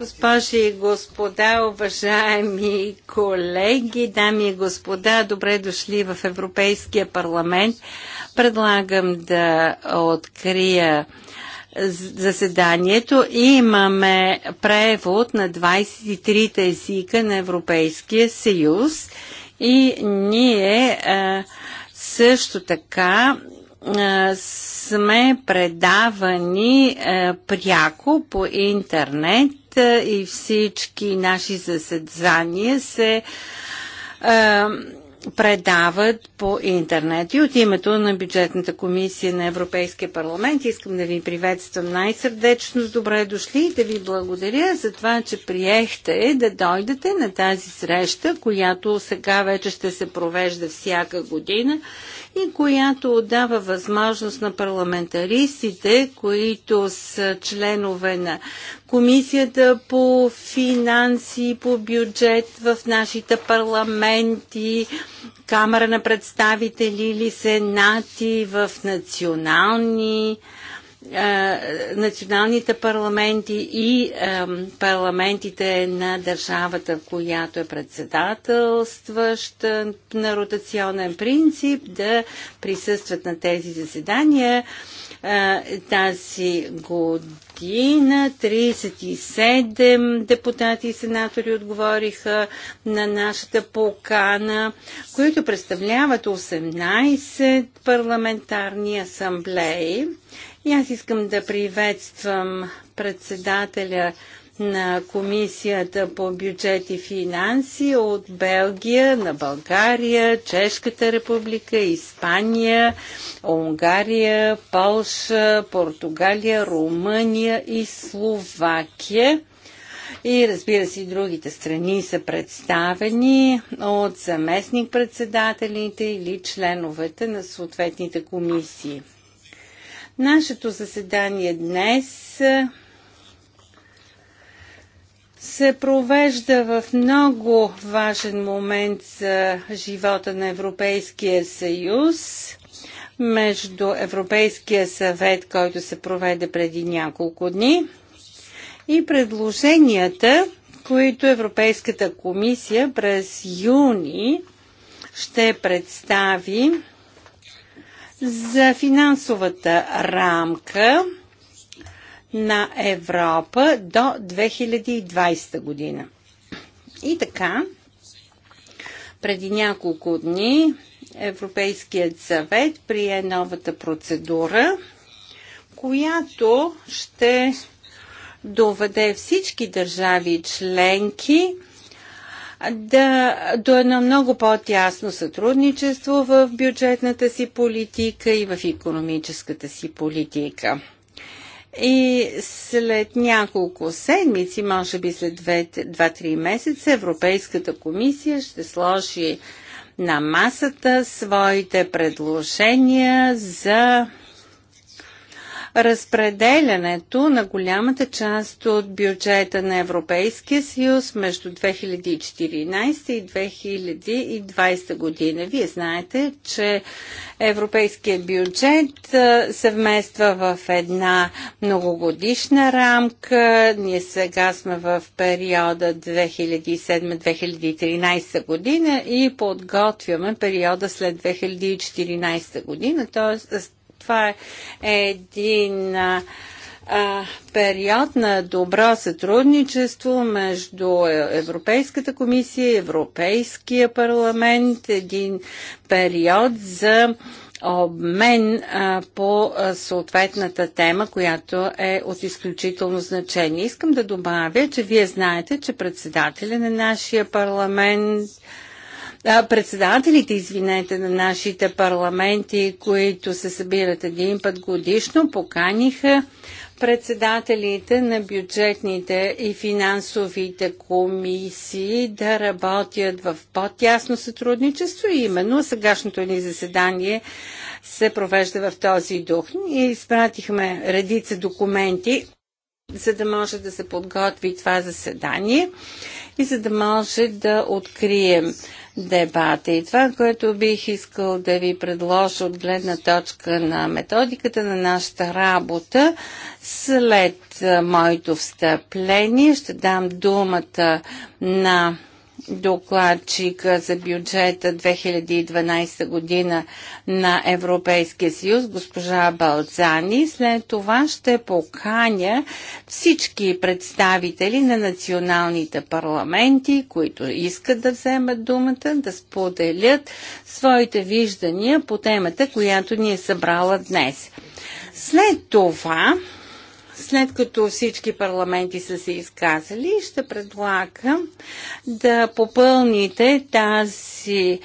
Госпожи и господа, уважаеми колеги, дами и господа, добре дошли в Европейския парламент. Предлагам да открия заседанието. Имаме превод на 23 езика на Европейския съюз и ние също така сме предавани пряко по интернет и всички наши заседания се предават по интернет. И от името на бюджетната комисия на Европейския парламент искам да ви приветствам най-сърдечно с добре дошли и да ви благодаря за това, че приехте да дойдете на тази среща, която сега вече ще се провежда всяка година и която дава възможност на парламентаристите, които са членове на Комисията по финанси, по бюджет в нашите парламенти, Камера на представители или Сенати в национални националните парламенти и парламентите на държавата, която е председателстваща на ротационен принцип, да присъстват на тези заседания. Тази година 37 депутати и сенатори отговориха на нашата покана, които представляват 18 парламентарни асамблеи и аз искам да приветствам председателя на Комисията по бюджет и финанси от Белгия, на България, Чешката република, Испания, Унгария, Полша, Португалия, Румъния и Словакия. И разбира се, и другите страни са представени от заместник-председателите или членовете на съответните комисии. Нашето заседание днес се провежда в много важен момент за живота на Европейския съюз между Европейския съвет, който се проведе преди няколко дни, и предложенията, които Европейската комисия през юни ще представи за финансовата рамка на Европа до 2020 година. И така, преди няколко дни Европейският съвет прие новата процедура, която ще доведе всички държави членки да, до едно много по-тясно сътрудничество в бюджетната си политика и в економическата си политика. И след няколко седмици, може би след 2-3 месеца, Европейската комисия ще сложи на масата своите предложения за разпределянето на голямата част от бюджета на Европейския съюз между 2014 и 2020 година. Вие знаете, че европейският бюджет съвмества в една многогодишна рамка. Ние сега сме в периода 2007-2013 година и подготвяме периода след 2014 година, т.е. Това е един а, период на добро сътрудничество между Европейската комисия и Европейския парламент, един период за обмен а, по а, съответната тема, която е от изключително значение. Искам да добавя, че вие знаете, че председателя на нашия парламент председателите, извинете, на нашите парламенти, които се събират един път годишно, поканиха председателите на бюджетните и финансовите комисии да работят в по-тясно сътрудничество и именно сегашното ни заседание се провежда в този дух. И изпратихме редица документи, за да може да се подготви това заседание и за да може да открием дебата. И това, което бих искал да ви предложа от гледна точка на методиката на нашата работа, след моето встъпление ще дам думата на докладчика за бюджета 2012 година на Европейския съюз, госпожа Балзани. След това ще поканя всички представители на националните парламенти, които искат да вземат думата, да споделят своите виждания по темата, която ни е събрала днес. След това след като всички парламенти са се изказали, ще предлагам да попълните тази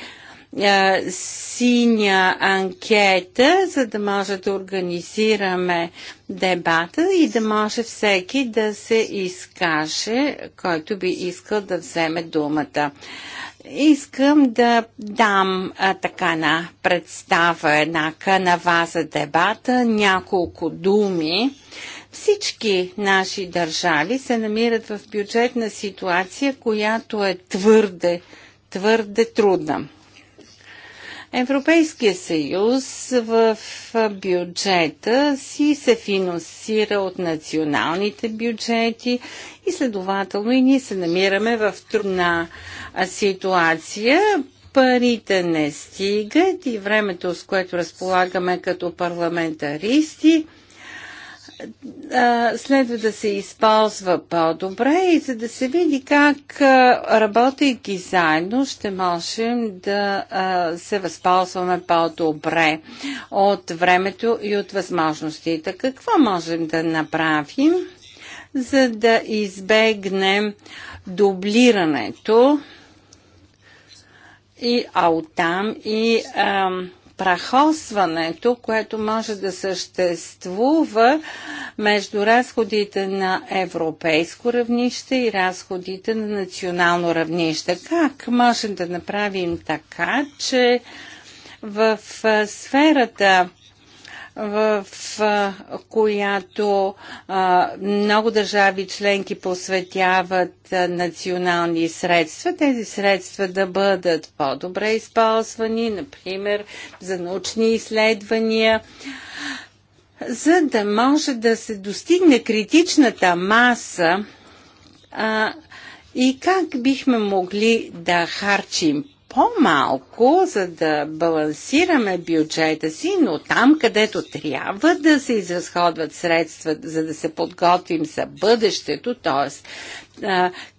е, синя анкета, за да може да организираме дебата и да може всеки да се изкаже, който би искал да вземе думата. Искам да дам а, така на представа една вас за дебата, няколко думи всички наши държави се намират в бюджетна ситуация, която е твърде, твърде трудна. Европейския съюз в бюджета си се финансира от националните бюджети и следователно и ние се намираме в трудна ситуация. Парите не стигат и времето, с което разполагаме като парламентаристи, следва да се използва по-добре и за да се види как, работейки заедно, ще можем да се възползваме по-добре от времето и от възможностите. Какво можем да направим, за да избегнем дублирането и оттам и ам, прахосването, което може да съществува между разходите на европейско равнище и разходите на национално равнище. Как можем да направим така, че в сферата в която много държави членки посветяват национални средства. Тези средства да бъдат по-добре използвани, например, за научни изследвания за да може да се достигне критичната маса а, и как бихме могли да харчим по-малко, за да балансираме бюджета си, но там, където трябва да се изразходват средства, за да се подготвим за бъдещето, т.е.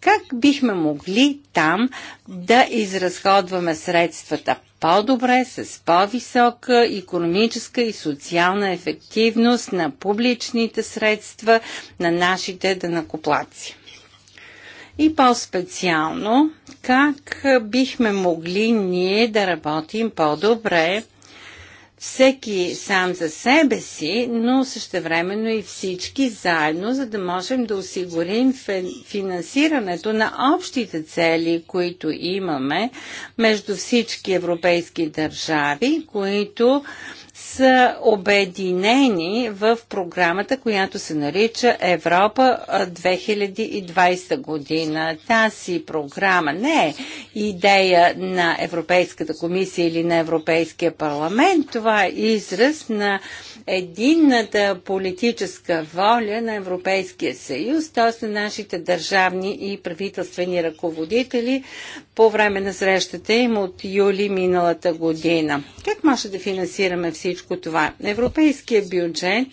как бихме могли там да изразходваме средствата по-добре, с по-висока економическа и социална ефективност на публичните средства на нашите данакоплаци. И по-специално, как бихме могли ние да работим по-добре, всеки сам за себе си, но същевременно и всички заедно, за да можем да осигурим финансирането на общите цели, които имаме между всички европейски държави, които са обединени в програмата, която се нарича Европа 2020 година. Тази програма не е идея на Европейската комисия или на Европейския парламент. Това е израз на единната политическа воля на Европейския съюз, т.е. на нашите държавни и правителствени ръководители по време на срещата им от юли миналата година. Как може да финансираме всичко всичко това. Европейския бюджет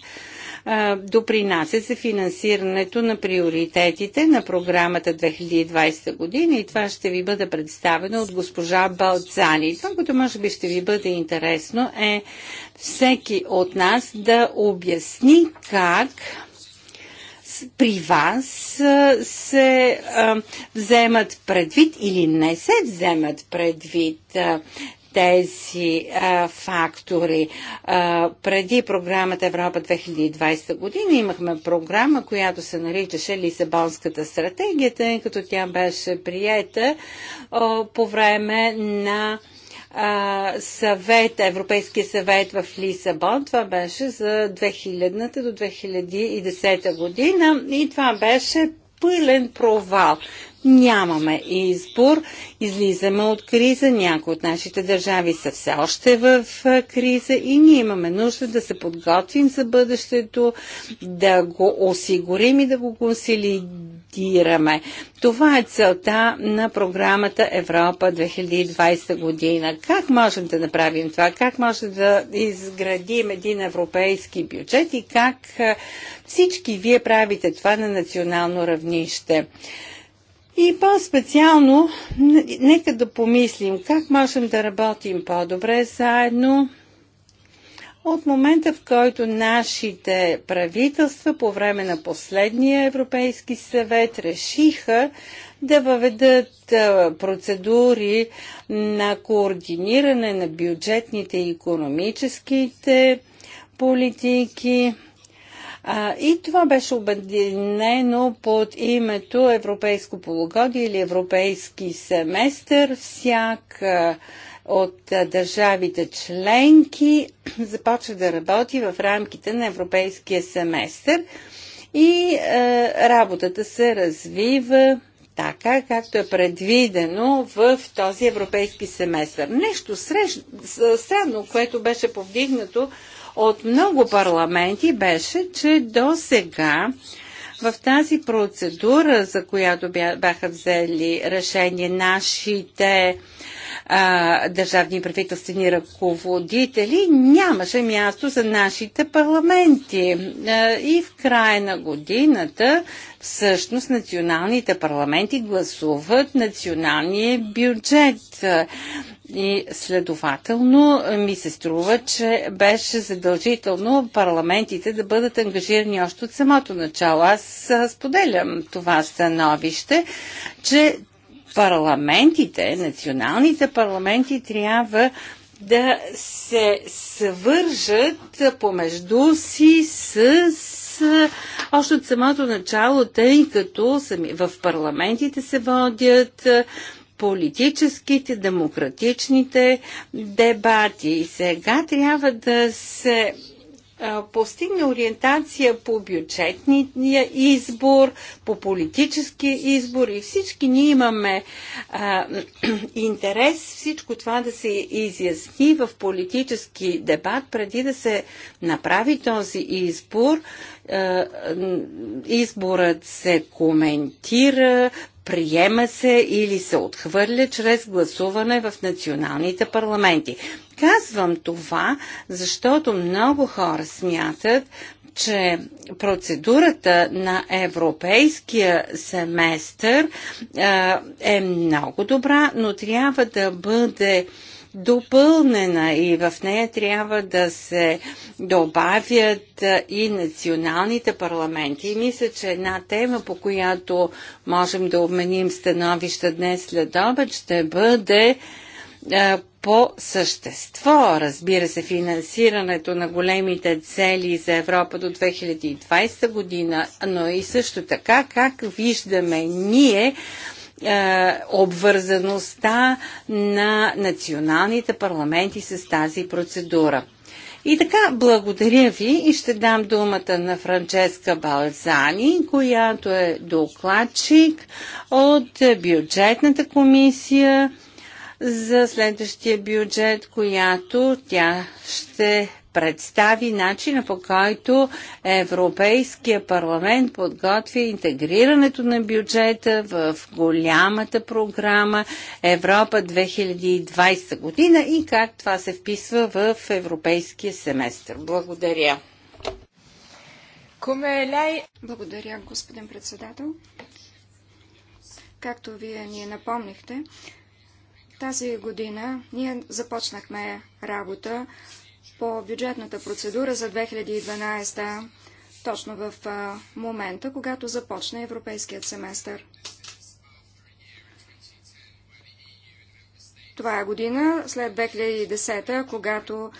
допринася за финансирането на приоритетите на програмата 2020 година и това ще ви бъде представено от госпожа Балцани. Това, което може би ще ви бъде интересно е всеки от нас да обясни как при вас се вземат предвид или не се вземат предвид тези а, фактори. А, преди програмата Европа 2020 година имахме програма, която се наричаше Лисабонската стратегия, тъй като тя беше приета а, по време на съвет, Европейския съвет в Лисабон. Това беше за 2000-та до 2010 година и това беше пълен провал нямаме избор, излизаме от криза, някои от нашите държави са все още в криза и ние имаме нужда да се подготвим за бъдещето, да го осигурим и да го консолидираме. Това е целта на програмата Европа 2020 година. Как можем да направим това? Как може да изградим един европейски бюджет и как всички вие правите това на национално равнище? И по-специално, нека да помислим как можем да работим по-добре заедно от момента, в който нашите правителства по време на последния Европейски съвет решиха да въведат процедури на координиране на бюджетните и економическите политики а, и това беше обединено под името Европейско полугодие или Европейски семестър. Всяка от държавите членки започва да работи в рамките на Европейския семестър и е, работата се развива така, както е предвидено в този европейски семестър. Нещо срещ, странно, което беше повдигнато от много парламенти беше, че до сега в тази процедура, за която бяха взели решение нашите а, държавни правителствени ръководители, нямаше място за нашите парламенти. А, и в края на годината всъщност националните парламенти гласуват националния бюджет. И следователно е, ми се струва, че беше задължително парламентите да бъдат ангажирани още от самото начало. Аз споделям това становище, че парламентите, националните парламенти трябва да се свържат помежду си с още от самото начало, тъй като в парламентите се водят политическите, демократичните дебати. И сега трябва да се постигне ориентация по бюджетния избор, по политическия избор и всички ние имаме а, интерес всичко това да се изясни в политически дебат преди да се направи този избор. А, изборът се коментира, приема се или се отхвърля чрез гласуване в националните парламенти. Казвам това, защото много хора смятат, че процедурата на европейския семестър е, е много добра, но трябва да бъде допълнена и в нея трябва да се добавят и националните парламенти. И мисля, че една тема, по която можем да обменим становища днес след обед, ще бъде по същество, разбира се, финансирането на големите цели за Европа до 2020 година, но и също така как виждаме ние е, обвързаността на националните парламенти с тази процедура. И така, благодаря ви и ще дам думата на Франческа Балзани, която е докладчик от бюджетната комисия за следващия бюджет, която тя ще представи начина по който Европейския парламент подготвя интегрирането на бюджета в голямата програма Европа 2020 година и как това се вписва в европейския семестър. Благодаря. Благодаря, господин председател. Както вие ни напомнихте, тази година ние започнахме работа по бюджетната процедура за 2012, точно в момента, когато започне европейският семестър. Това е година след 2010, когато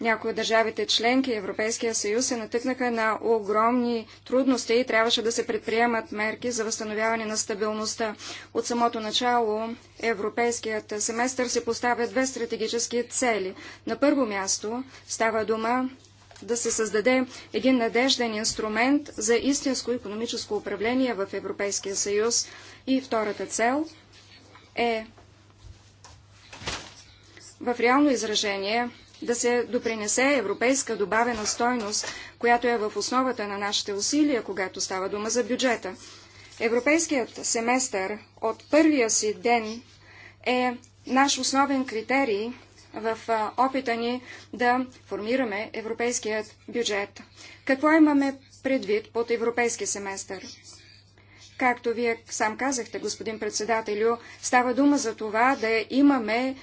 някои от държавите членки Европейския съюз се натъкнаха на огромни трудности и трябваше да се предприемат мерки за възстановяване на стабилността. От самото начало Европейският семестър се поставя две стратегически цели. На първо място става дума да се създаде един надежден инструмент за истинско економическо управление в Европейския съюз. И втората цел е в реално изражение да се допринесе европейска добавена стойност, която е в основата на нашите усилия, когато става дума за бюджета. Европейският семестър от първия си ден е наш основен критерий в опита ни да формираме европейският бюджет. Какво имаме предвид под европейски семестър? Както вие сам казахте, господин председателю, става дума за това да имаме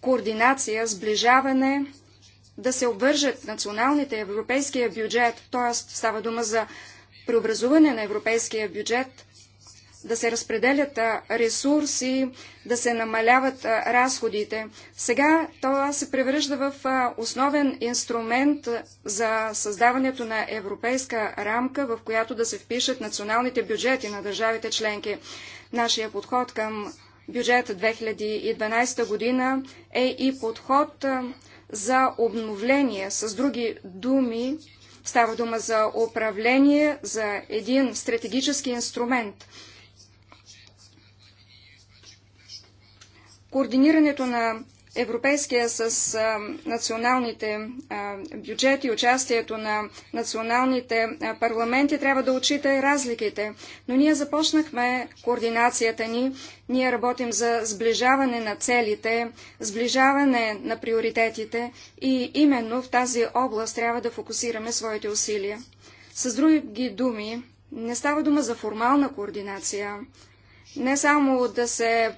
координация, сближаване, да се обвържат националните европейския бюджет, т.е. става дума за преобразуване на европейския бюджет, да се разпределят ресурси, да се намаляват разходите. Сега това се превръжда в основен инструмент за създаването на европейска рамка, в която да се впишат националните бюджети на държавите членки. Нашия подход към бюджет 2012 година е и подход за обновление. С други думи, става дума за управление, за един стратегически инструмент. Координирането на Европейския с а, националните а, бюджети, участието на националните а, парламенти трябва да отчита и разликите. Но ние започнахме координацията ни. Ние работим за сближаване на целите, сближаване на приоритетите и именно в тази област трябва да фокусираме своите усилия. С други думи, не става дума за формална координация. Не само да се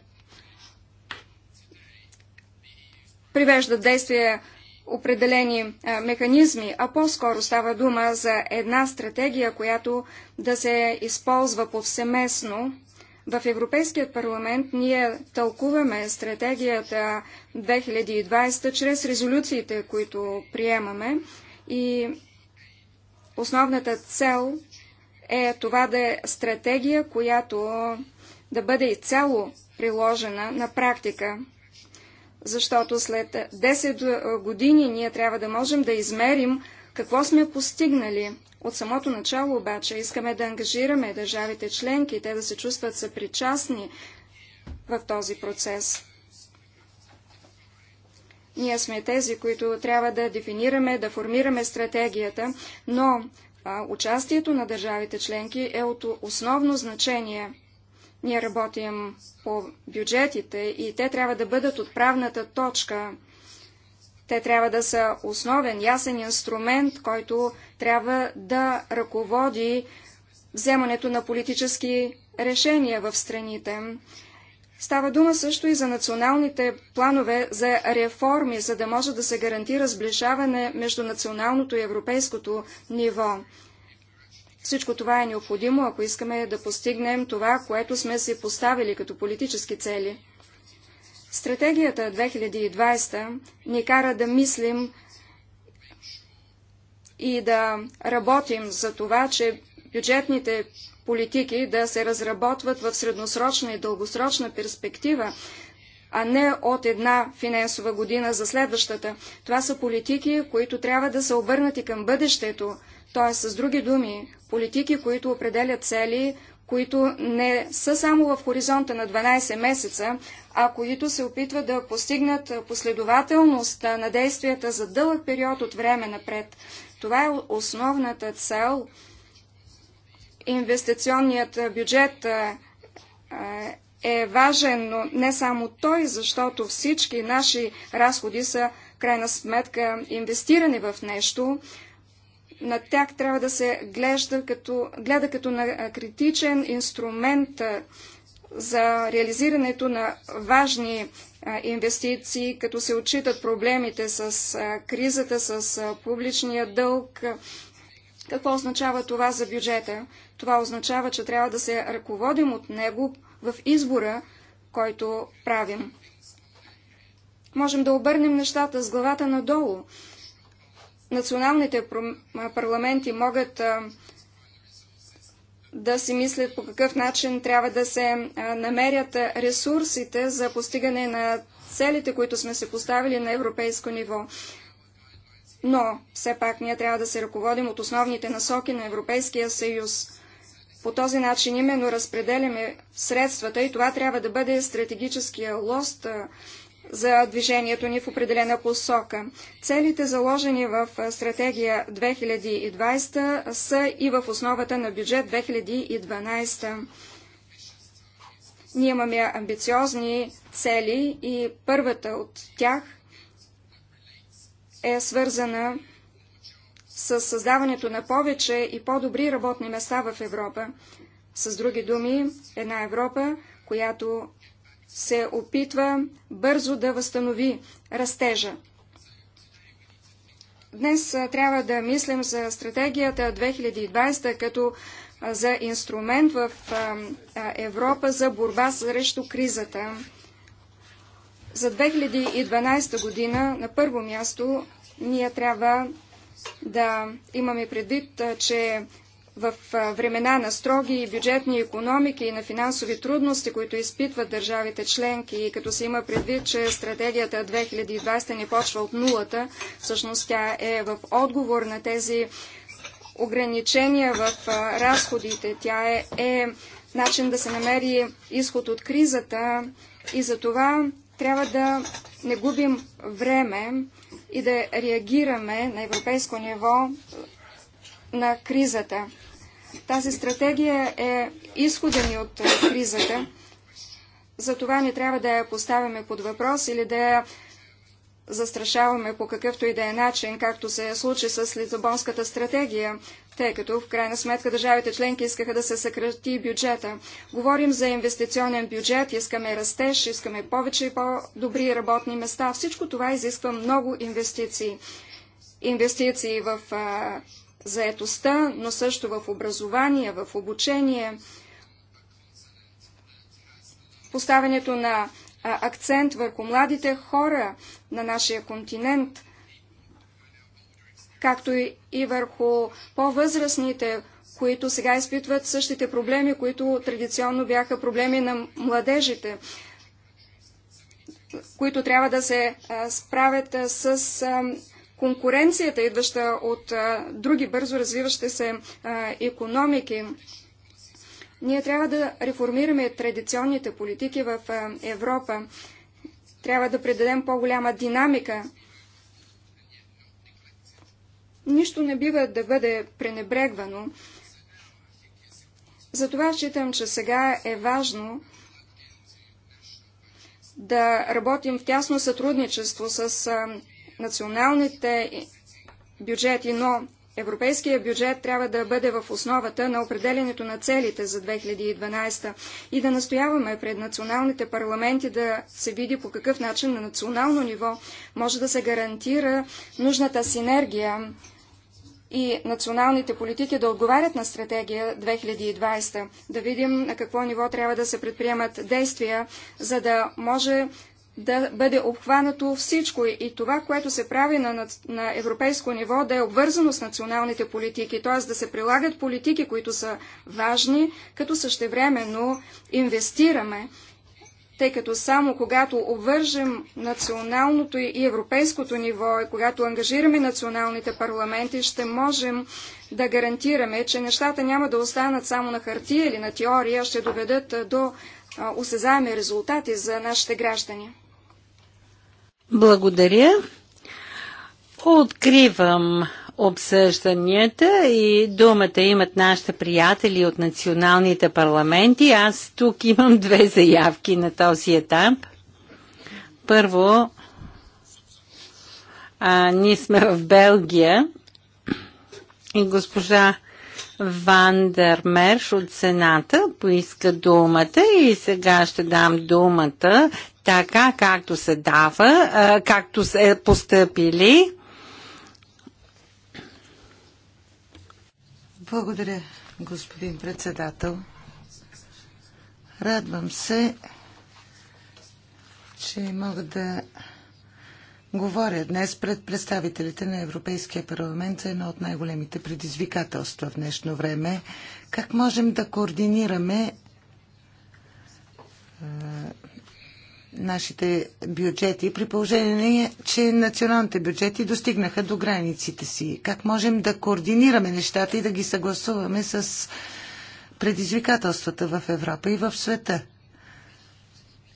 привежда действие определени а, механизми, а по-скоро става дума за една стратегия, която да се използва повсеместно. В Европейският парламент ние тълкуваме стратегията 2020 чрез резолюциите, които приемаме и основната цел е това да е стратегия, която да бъде и цяло приложена на практика защото след 10 години ние трябва да можем да измерим какво сме постигнали. От самото начало обаче искаме да ангажираме държавите членки, те да се чувстват съпричастни в този процес. Ние сме тези, които трябва да дефинираме, да формираме стратегията, но а, участието на държавите членки е от основно значение – ние работим по бюджетите и те трябва да бъдат отправната точка. Те трябва да са основен, ясен инструмент, който трябва да ръководи вземането на политически решения в страните. Става дума също и за националните планове за реформи, за да може да се гарантира сближаване между националното и европейското ниво. Всичко това е необходимо, ако искаме да постигнем това, което сме си поставили като политически цели. Стратегията 2020 ни кара да мислим и да работим за това, че бюджетните политики да се разработват в средносрочна и дългосрочна перспектива, а не от една финансова година за следващата. Това са политики, които трябва да са обърнати към бъдещето, Тоест, с други думи, политики, които определят цели, които не са само в хоризонта на 12 месеца, а които се опитват да постигнат последователност на действията за дълъг период от време напред. Това е основната цел. Инвестиционният бюджет е важен, но не само той, защото всички наши разходи са крайна сметка инвестирани в нещо на тях трябва да се гледа като, гледа като на критичен инструмент за реализирането на важни инвестиции, като се отчитат проблемите с кризата, с публичния дълг. Какво означава това за бюджета? Това означава, че трябва да се ръководим от него в избора, който правим. Можем да обърнем нещата с главата надолу националните парламенти могат да си мислят по какъв начин трябва да се намерят ресурсите за постигане на целите, които сме се поставили на европейско ниво. Но все пак ние трябва да се ръководим от основните насоки на Европейския съюз. По този начин именно разпределяме средствата и това трябва да бъде стратегическия лост, за движението ни в определена посока. Целите, заложени в стратегия 2020, са и в основата на бюджет 2012. Ние имаме амбициозни цели и първата от тях е свързана с създаването на повече и по-добри работни места в Европа. С други думи, една Европа, която се опитва бързо да възстанови растежа. Днес трябва да мислим за стратегията 2020 като за инструмент в Европа за борба срещу кризата. За 2012 година на първо място ние трябва да имаме предвид, че в времена на строги бюджетни економики и на финансови трудности, които изпитват държавите членки, и като се има предвид, че стратегията 2020 не почва от нулата, всъщност тя е в отговор на тези ограничения в разходите. Тя е, е начин да се намери изход от кризата и за това трябва да не губим време и да реагираме на европейско ниво на кризата. Тази стратегия е изходен от кризата. Затова не трябва да я поставяме под въпрос или да я застрашаваме по какъвто и да е начин, както се случи с Лизабонската стратегия, тъй като в крайна сметка държавите членки искаха да се съкрати бюджета. Говорим за инвестиционен бюджет, искаме растеж, искаме повече и по-добри работни места. Всичко това изисква много инвестиции. Инвестиции в а, заетостта, но също в образование, в обучение, поставянето на акцент върху младите хора на нашия континент, както и върху по-възрастните, които сега изпитват същите проблеми, които традиционно бяха проблеми на младежите, които трябва да се справят с конкуренцията, идваща от други бързо развиващи се економики. Ние трябва да реформираме традиционните политики в Европа. Трябва да предадем по-голяма динамика. Нищо не бива да бъде пренебрегвано. Затова считам, че сега е важно да работим в тясно сътрудничество с националните бюджети, но Европейския бюджет трябва да бъде в основата на определенето на целите за 2012 и да настояваме пред националните парламенти да се види по какъв начин на национално ниво може да се гарантира нужната синергия и националните политики да отговарят на стратегия 2020, да видим на какво ниво трябва да се предприемат действия, за да може да бъде обхванато всичко и това, което се прави на, на европейско ниво, да е обвързано с националните политики, т.е. да се прилагат политики, които са важни, като същевременно инвестираме, тъй като само когато обвържем националното и европейското ниво и когато ангажираме националните парламенти, ще можем да гарантираме, че нещата няма да останат само на хартия или на теория, ще доведат до осезаеми резултати за нашите граждани. Благодаря. Откривам обсъжданията и думата имат нашите приятели от националните парламенти. Аз тук имам две заявки на този етап. Първо, а, ние сме в Белгия и госпожа Вандер Мерш от Сената поиска думата и сега ще дам думата така както се дава, както е постъпили. Благодаря, господин председател. Радвам се, че мога да говоря днес пред представителите на Европейския парламент за едно от най-големите предизвикателства в днешно време. Как можем да координираме нашите бюджети, при положение, че националните бюджети достигнаха до границите си. Как можем да координираме нещата и да ги съгласуваме с предизвикателствата в Европа и в света?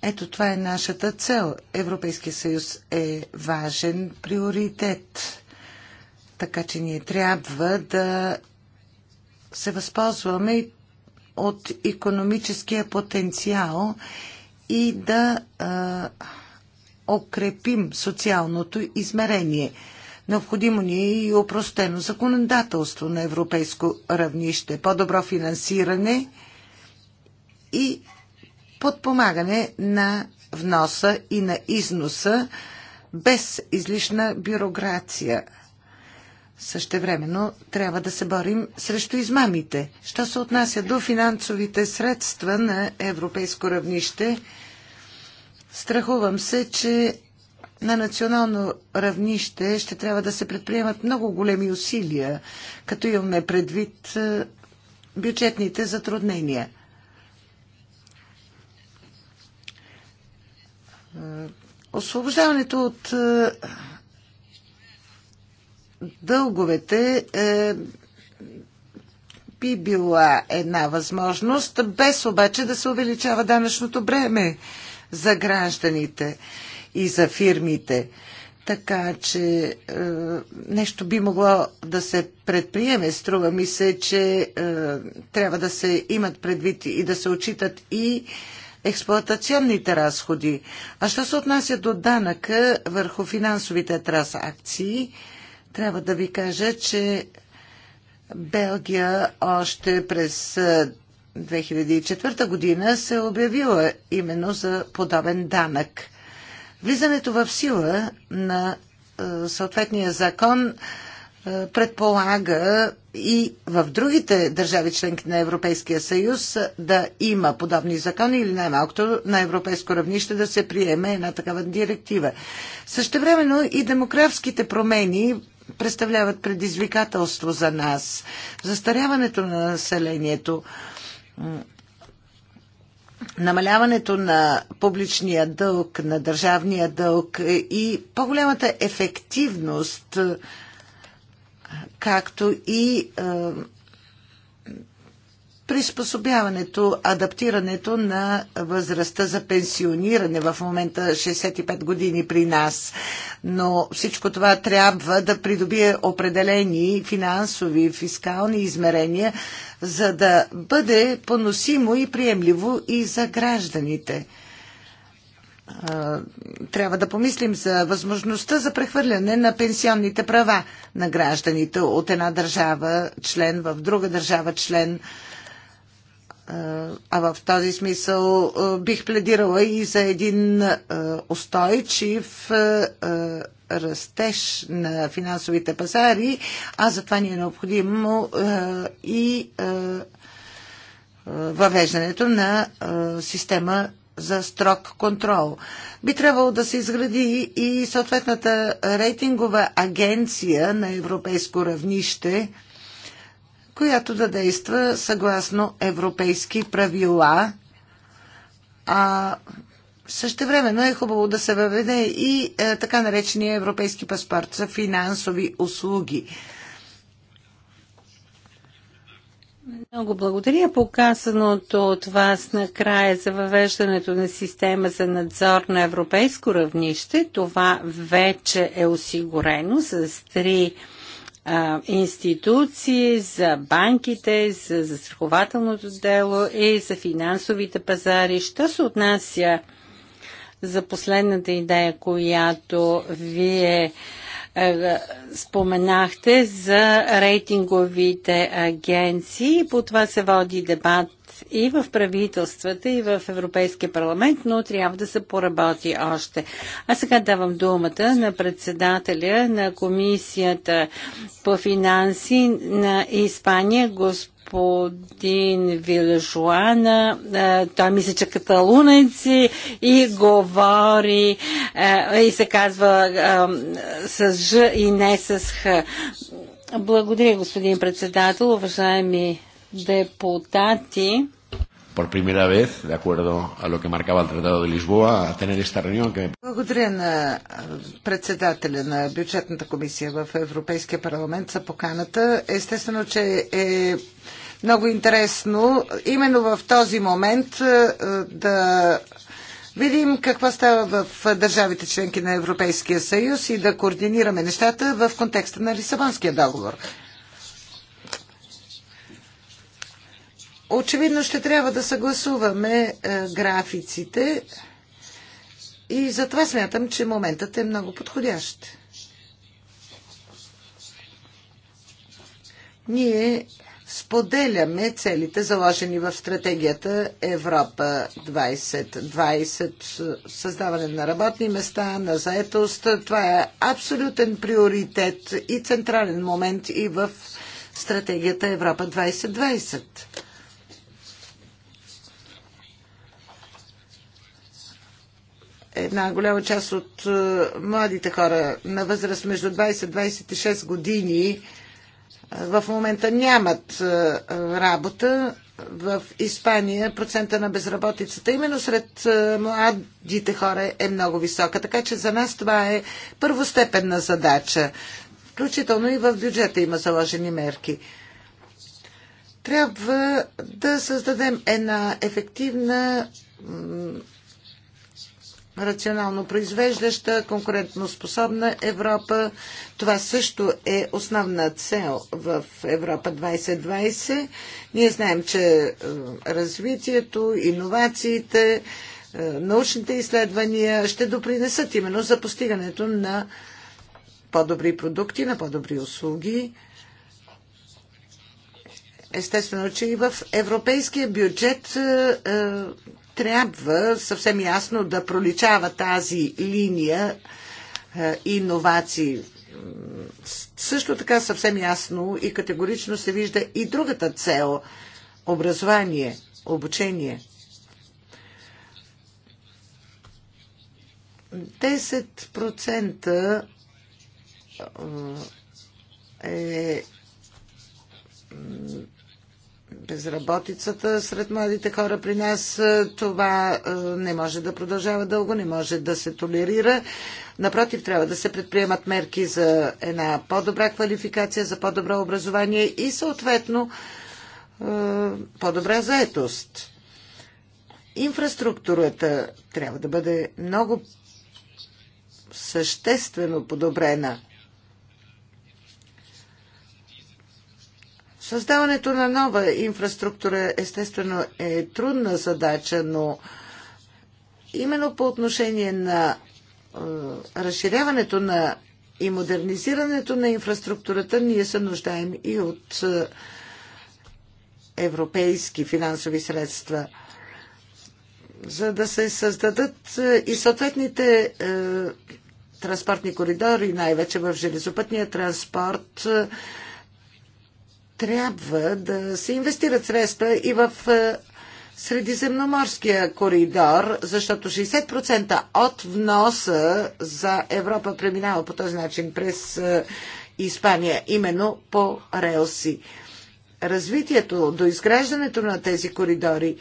Ето това е нашата цел. Европейския съюз е важен приоритет. Така че ние трябва да се възползваме от економическия потенциал и да а, окрепим социалното измерение. Необходимо ни е и упростено законодателство на европейско равнище, по-добро финансиране и подпомагане на вноса и на износа без излишна бюрокрация. Същевременно трябва да се борим срещу измамите. Що се отнася до финансовите средства на европейско равнище, страхувам се, че на национално равнище ще трябва да се предприемат много големи усилия, като имаме предвид е, бюджетните затруднения. Е, освобождаването от е, дълговете е, би била една възможност, без обаче да се увеличава данъчното бреме за гражданите и за фирмите. Така че е, нещо би могло да се предприеме. Струва ми се, че е, трябва да се имат предвид и да се очитат и експлоатационните разходи. А що се отнася до данъка върху финансовите трансакции, трябва да ви кажа, че Белгия още през 2004 година се е обявила именно за подобен данък. Влизането в сила на съответния закон предполага и в другите държави членки на Европейския съюз да има подобни закони или най-малкото на европейско равнище да се приеме една такава директива. Същевременно и демографските промени представляват предизвикателство за нас. Застаряването на населението, намаляването на публичния дълг, на държавния дълг и по-голямата ефективност, както и е, приспособяването, адаптирането на възрастта за пенсиониране в момента 65 години при нас. Но всичко това трябва да придобие определени финансови, фискални измерения, за да бъде поносимо и приемливо и за гражданите трябва да помислим за възможността за прехвърляне на пенсионните права на гражданите от една държава член в друга държава член. А в този смисъл бих пледирала и за един устойчив растеж на финансовите пазари, а за това ни е необходимо и въвеждането на система за строг контрол. Би трябвало да се изгради и съответната рейтингова агенция на европейско равнище – която да действа съгласно европейски правила, а също времено е хубаво да се въведе и е, така наречения европейски паспорт за финансови услуги. Много благодаря показаното от вас накрая за въвеждането на система за надзор на европейско равнище. Това вече е осигурено с три институции, за банките, за застрахователното дело и за финансовите пазари. Що се отнася за последната идея, която вие е, споменахте за рейтинговите агенции. По това се води дебат и в правителствата, и в Европейския парламент, но трябва да се поработи още. А сега давам думата на председателя на Комисията по финанси на Испания, господин Вилежуана. Е, той мисля, че каталунеци и говори е, и се казва е, с Ж и не с Х. Благодаря, господин председател, уважаеми депутати por primera vez, de acuerdo a lo que marcaba el Tratado de Lisboa, a tener esta reunión que Благодаря на председателя на бюджетната комисия в Европейския парламент за поканата. Естествено, че е много интересно именно в този момент да видим какво става в държавите членки на Европейския съюз и да координираме нещата в контекста на Лисабонския договор. Очевидно ще трябва да съгласуваме е, графиците и затова смятам, че моментът е много подходящ. Ние споделяме целите, заложени в стратегията Европа 2020, създаване на работни места, на заетост. Това е абсолютен приоритет и централен момент и в стратегията Европа 2020. една голяма част от е, младите хора на възраст между 20-26 години е, в момента нямат е, работа. В Испания процента на безработицата именно сред младите хора е много висока. Така че за нас това е първостепенна задача. Включително и в бюджета има заложени мерки трябва да създадем една ефективна рационално произвеждаща, конкурентноспособна Европа. Това също е основна цел в Европа 2020. Ние знаем, че е, развитието, иновациите, е, научните изследвания ще допринесат именно за постигането на по-добри продукти, на по-добри услуги. Естествено, че и в европейския бюджет е, трябва съвсем ясно да проличава тази линия е, иновации. Също така съвсем ясно и категорично се вижда и другата цел образование, обучение. 10% е безработицата сред младите хора при нас. Е, това е, не може да продължава дълго, не може да се толерира. Напротив, трябва да се предприемат мерки за една по-добра квалификация, за по-добро образование и съответно е, по-добра заетост. Инфраструктурата трябва да бъде много съществено подобрена – Създаването на нова инфраструктура естествено е трудна задача, но именно по отношение на е, разширяването на и модернизирането на инфраструктурата ние се нуждаем и от е, европейски финансови средства, за да се създадат е, и съответните е, транспортни коридори, най-вече в железопътния транспорт. Е, трябва да се инвестират средства и в е, Средиземноморския коридор, защото 60% от вноса за Европа преминава по този начин през е, Испания, именно по релси. Развитието до изграждането на тези коридори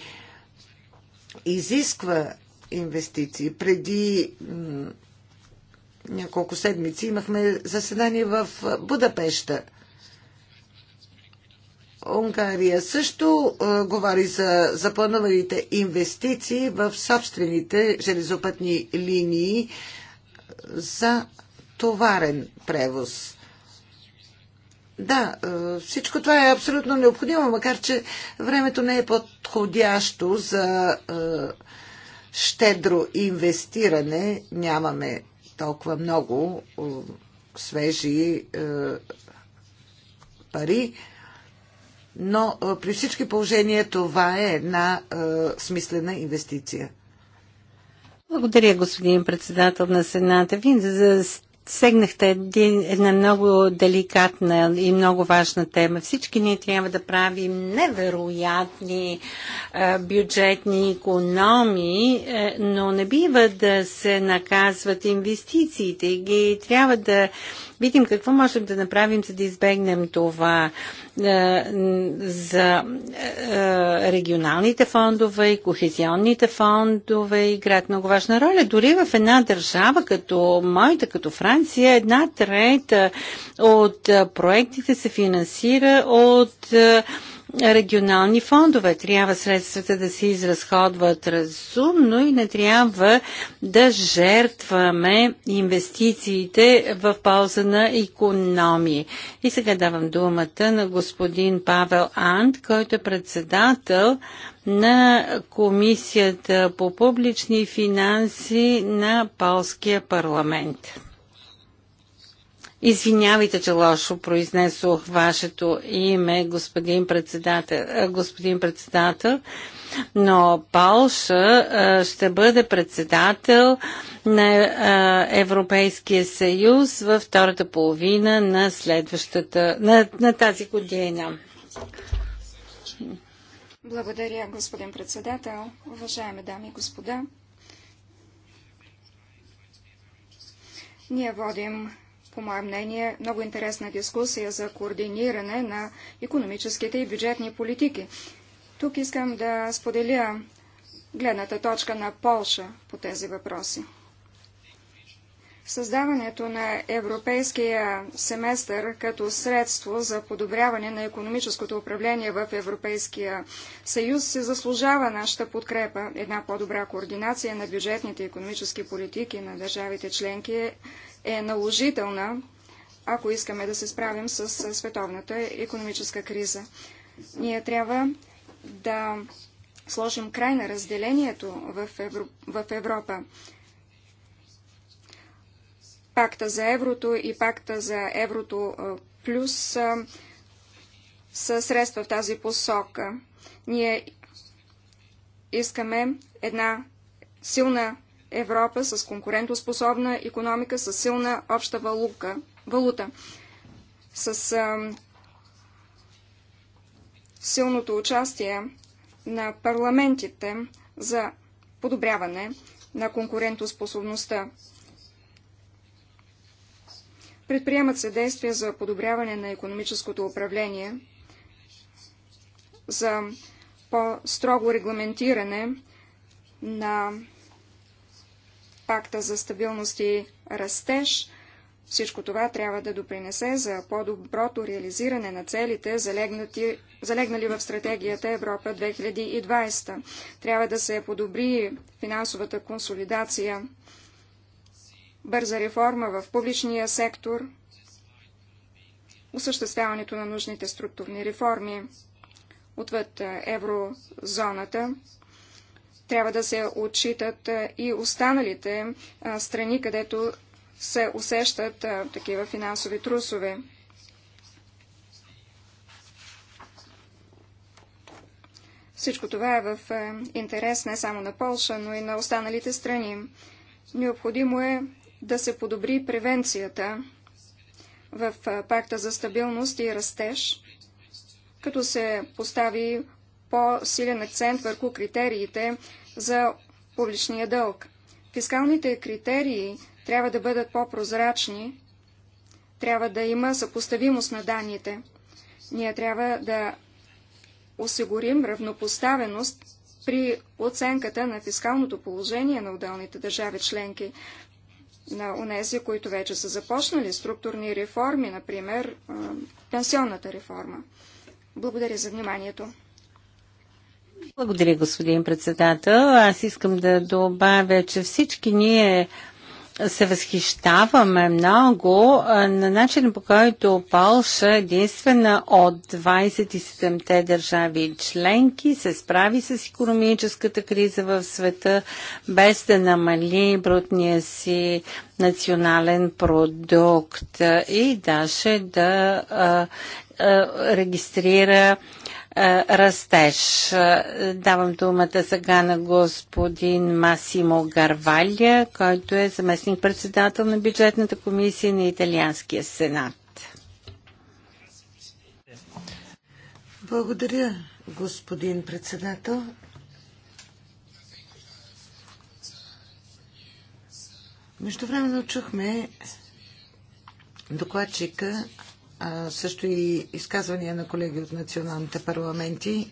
изисква инвестиции. Преди няколко седмици имахме заседание в Будапешта – Унгария също а, говори за запланованите инвестиции в собствените железопътни линии за товарен превоз. Да, всичко това е абсолютно необходимо, макар че времето не е подходящо за щедро инвестиране. Нямаме толкова много свежи пари но при всички положения това е една смислена инвестиция. Благодаря, господин председател на Сената. Вие Сегнахте един, една много деликатна и много важна тема. Всички ние трябва да правим невероятни е, бюджетни економии, е, но не бива да се наказват инвестициите ги трябва да видим какво можем да направим, за да избегнем това е, за е, регионалните фондове и кохезионните фондове играят много важна роля. Дори в една държава като моята, като Франция, Франция една трета от проектите се финансира от регионални фондове. Трябва средствата да се изразходват разумно и не трябва да жертваме инвестициите в полза на економии. И сега давам думата на господин Павел Ант, който е председател на Комисията по публични финанси на Полския парламент. Извинявайте, че лошо произнесох вашето име, господин председател, господин председател но Полша ще бъде председател на Европейския съюз във втората половина на следващата, на, на тази година. Благодаря, господин председател. Уважаеми дами и господа, ние водим по мое мнение, много интересна дискусия за координиране на економическите и бюджетни политики. Тук искам да споделя гледната точка на Полша по тези въпроси. Създаването на европейския семестър като средство за подобряване на економическото управление в Европейския съюз се заслужава нашата подкрепа. Една по-добра координация на бюджетните и економически политики на държавите членки е е наложителна, ако искаме да се справим с световната економическа криза. Ние трябва да сложим край на разделението в, Европа. Пакта за еврото и пакта за еврото плюс са средства в тази посока. Ние искаме една силна Европа с конкурентоспособна економика, с силна обща валука, валута, с а, силното участие на парламентите за подобряване на конкурентоспособността. Предприемат се действия за подобряване на економическото управление, за по-строго регламентиране на пакта за стабилност и растеж. Всичко това трябва да допринесе за по-доброто реализиране на целите, залегнали в стратегията Европа 2020. Трябва да се подобри финансовата консолидация, бърза реформа в публичния сектор, осъществяването на нужните структурни реформи отвъд е, еврозоната, трябва да се отчитат и останалите страни, където се усещат такива финансови трусове. Всичко това е в интерес не само на Полша, но и на останалите страни. Необходимо е да се подобри превенцията в пакта за стабилност и растеж, като се постави по-силен акцент върху критериите за публичния дълг. Фискалните критерии трябва да бъдат по-прозрачни, трябва да има съпоставимост на данните. Ние трябва да осигурим равнопоставеност при оценката на фискалното положение на отделните държави членки, на унези, които вече са започнали структурни реформи, например пенсионната реформа. Благодаря за вниманието. Благодаря, господин председател. Аз искам да добавя, че всички ние се възхищаваме много на начин по който Полша е единствена от 27-те държави членки се справи с економическата криза в света без да намали брутния си национален продукт и даже да а, а, регистрира е, растеж. Е, давам думата сега на господин Масимо Гарвалия, който е заместник председател на бюджетната комисия на Италианския сенат. Благодаря, господин председател. Междувременно чухме докладчика а също и изказвания на колеги от националните парламенти.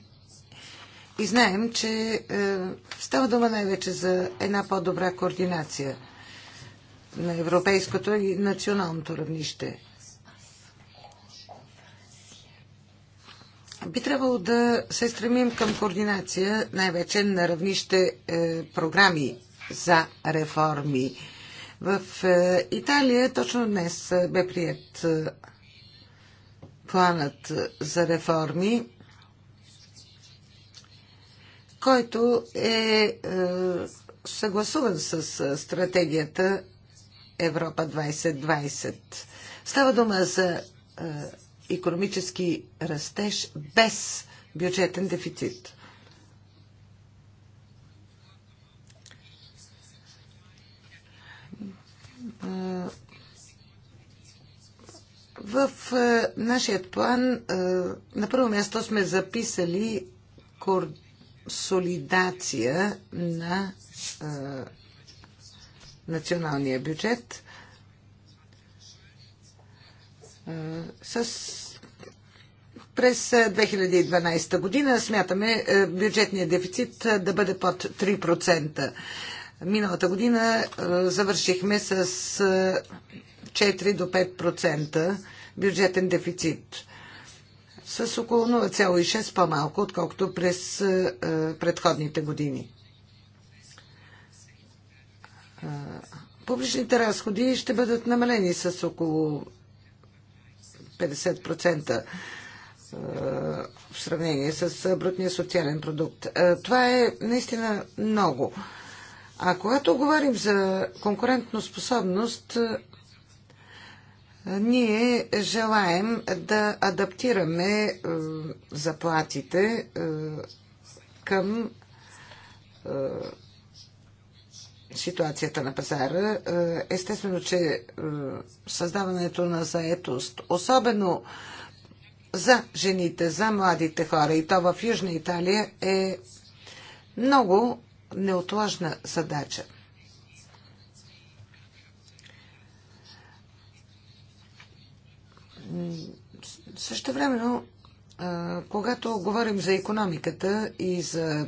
И знаем, че е, става дума най-вече за една по-добра координация на европейското и националното равнище. Би трябвало да се стремим към координация най-вече на равнище е, програми за реформи. В е, Италия точно днес е, бе прият е, планът за реформи, който е, е съгласуван с е, стратегията Европа 2020. Става дума за економически растеж без бюджетен дефицит. В е, нашия план е, на първо място сме записали консолидация на е, националния бюджет е, с през 2012 е, година смятаме е, бюджетния дефицит е, да бъде под 3%. Миналата година завършихме с 4 до 5% бюджетен дефицит с около 0,6 по-малко, отколкото през е, предходните години. Е, публичните разходи ще бъдат намалени с около 50% е, в сравнение с брутния социален продукт. Това е наистина много. А когато говорим за конкурентно способност, ние желаем да адаптираме е, заплатите е, към е, ситуацията на пазара. Естествено, че създаването на заетост, особено за жените, за младите хора, и то в Южна Италия, е много неотложна задача. Също времено, когато говорим за економиката и за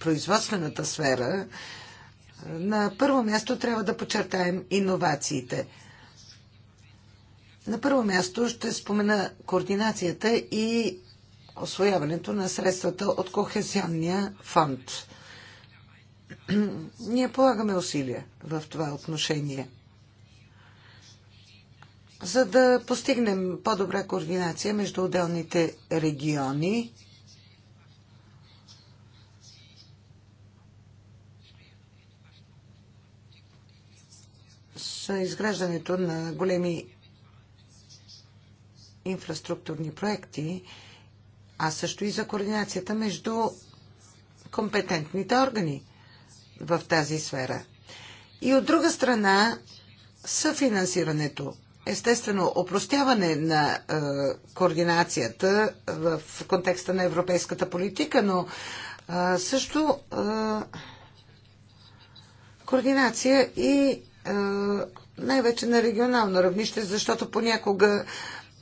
производствената сфера, на първо място трябва да подчертаем иновациите. На първо място ще спомена координацията и освояването на средствата от Кохезионния фонд. Ние полагаме усилия в това отношение за да постигнем по-добра координация между отделните региони. С изграждането на големи инфраструктурни проекти, а също и за координацията между компетентните органи в тази сфера. И от друга страна, съфинансирането – естествено опростяване на е, координацията в контекста на европейската политика, но е, също е, координация и е, най-вече на регионално равнище, защото понякога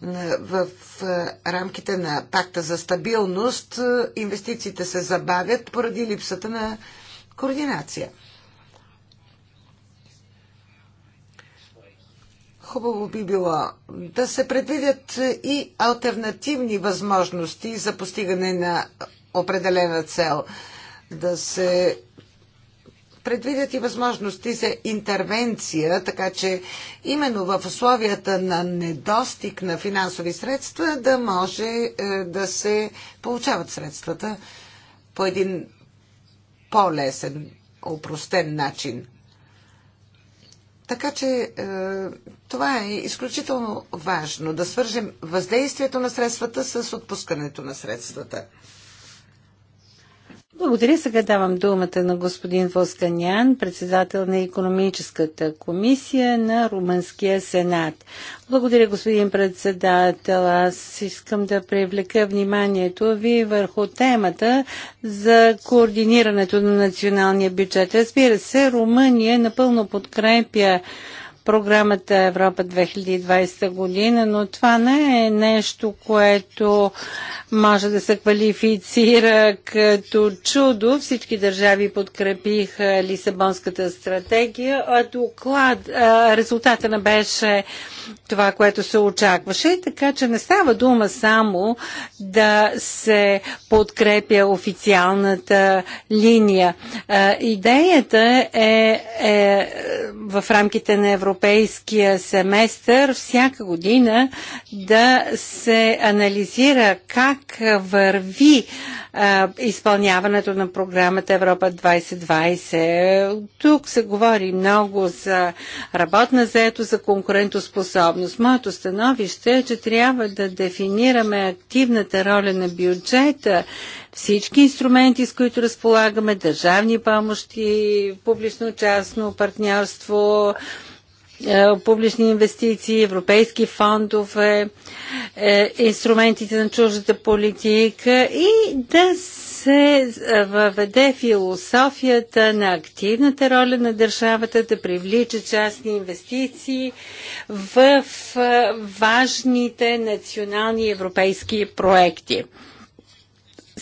е, в е, рамките на пакта за стабилност е, инвестициите се забавят поради липсата на координация. хубаво би било да се предвидят и альтернативни възможности за постигане на определена цел. Да се предвидят и възможности за интервенция, така че именно в условията на недостиг на финансови средства да може е, да се получават средствата по един по-лесен, опростен начин. Така че е, това е изключително важно да свържем въздействието на средствата с отпускането на средствата. Благодаря. Сега давам думата на господин Восканян, председател на економическата комисия на Румънския сенат. Благодаря, господин председател. Аз искам да привлека вниманието ви върху темата за координирането на националния бюджет. Разбира се, Румъния напълно подкрепя програмата Европа 2020 година, но това не е нещо, което може да се квалифицира като чудо. Всички държави подкрепиха Лисабонската стратегия, а доклад, а, резултата не беше това, което се очакваше, така че не става дума само да се подкрепя официалната линия. А, идеята е, е в рамките на Европа европейския семестър всяка година да се анализира как върви а, изпълняването на програмата Европа 2020. Тук се говори много за работна заето, за конкурентоспособност. Моето становище е, че трябва да дефинираме активната роля на бюджета всички инструменти, с които разполагаме, държавни помощи, публично-частно партньорство, е, публични инвестиции, европейски фондове, е, инструментите на чуждата политика и да се е, въведе философията на активната роля на държавата да привлича частни инвестиции в важните национални европейски проекти.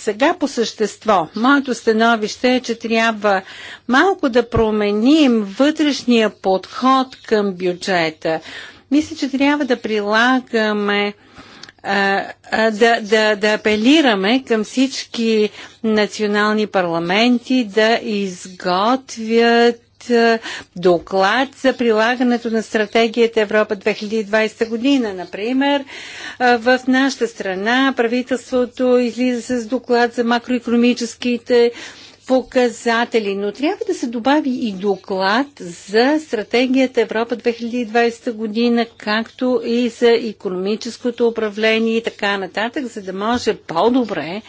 Сега по същество, моето становище е, че трябва малко да променим вътрешния подход към бюджета. Мисля, че трябва да прилагаме да, да, да апелираме към всички национални парламенти да изготвят е, доклад за прилагането на стратегията Европа 2020 година. Например, е, в нашата страна правителството излиза с доклад за макроекономическите показатели, но трябва да се добави и доклад за стратегията Европа 2020 година, както и за економическото управление и така нататък, за да може по-добре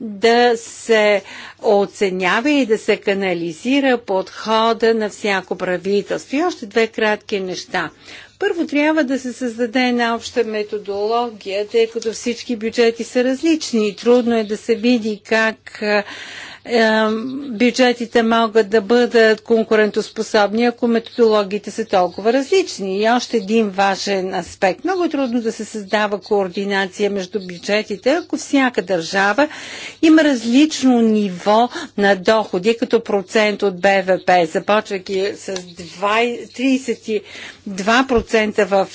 да се оценява и да се канализира подхода на всяко правителство. И още две кратки неща. Първо трябва да се създаде една обща методология, тъй като всички бюджети са различни и трудно е да се види как бюджетите могат да бъдат конкурентоспособни, ако методологиите са толкова различни. И още един важен аспект. Много е трудно да се създава координация между бюджетите, ако всяка държава има различно ниво на доходи като процент от БВП, започвайки с 32% в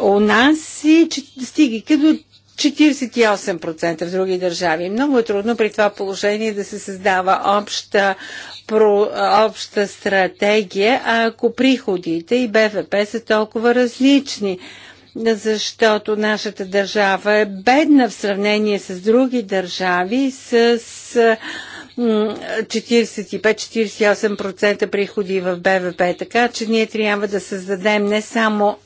у нас и стигайки до 48% в други държави. Много е трудно при това положение да се създава обща, про, обща стратегия, ако приходите и БВП са толкова различни защото нашата държава е бедна в сравнение с други държави с 45-48% приходи в БВП. Така че ние трябва да създадем не само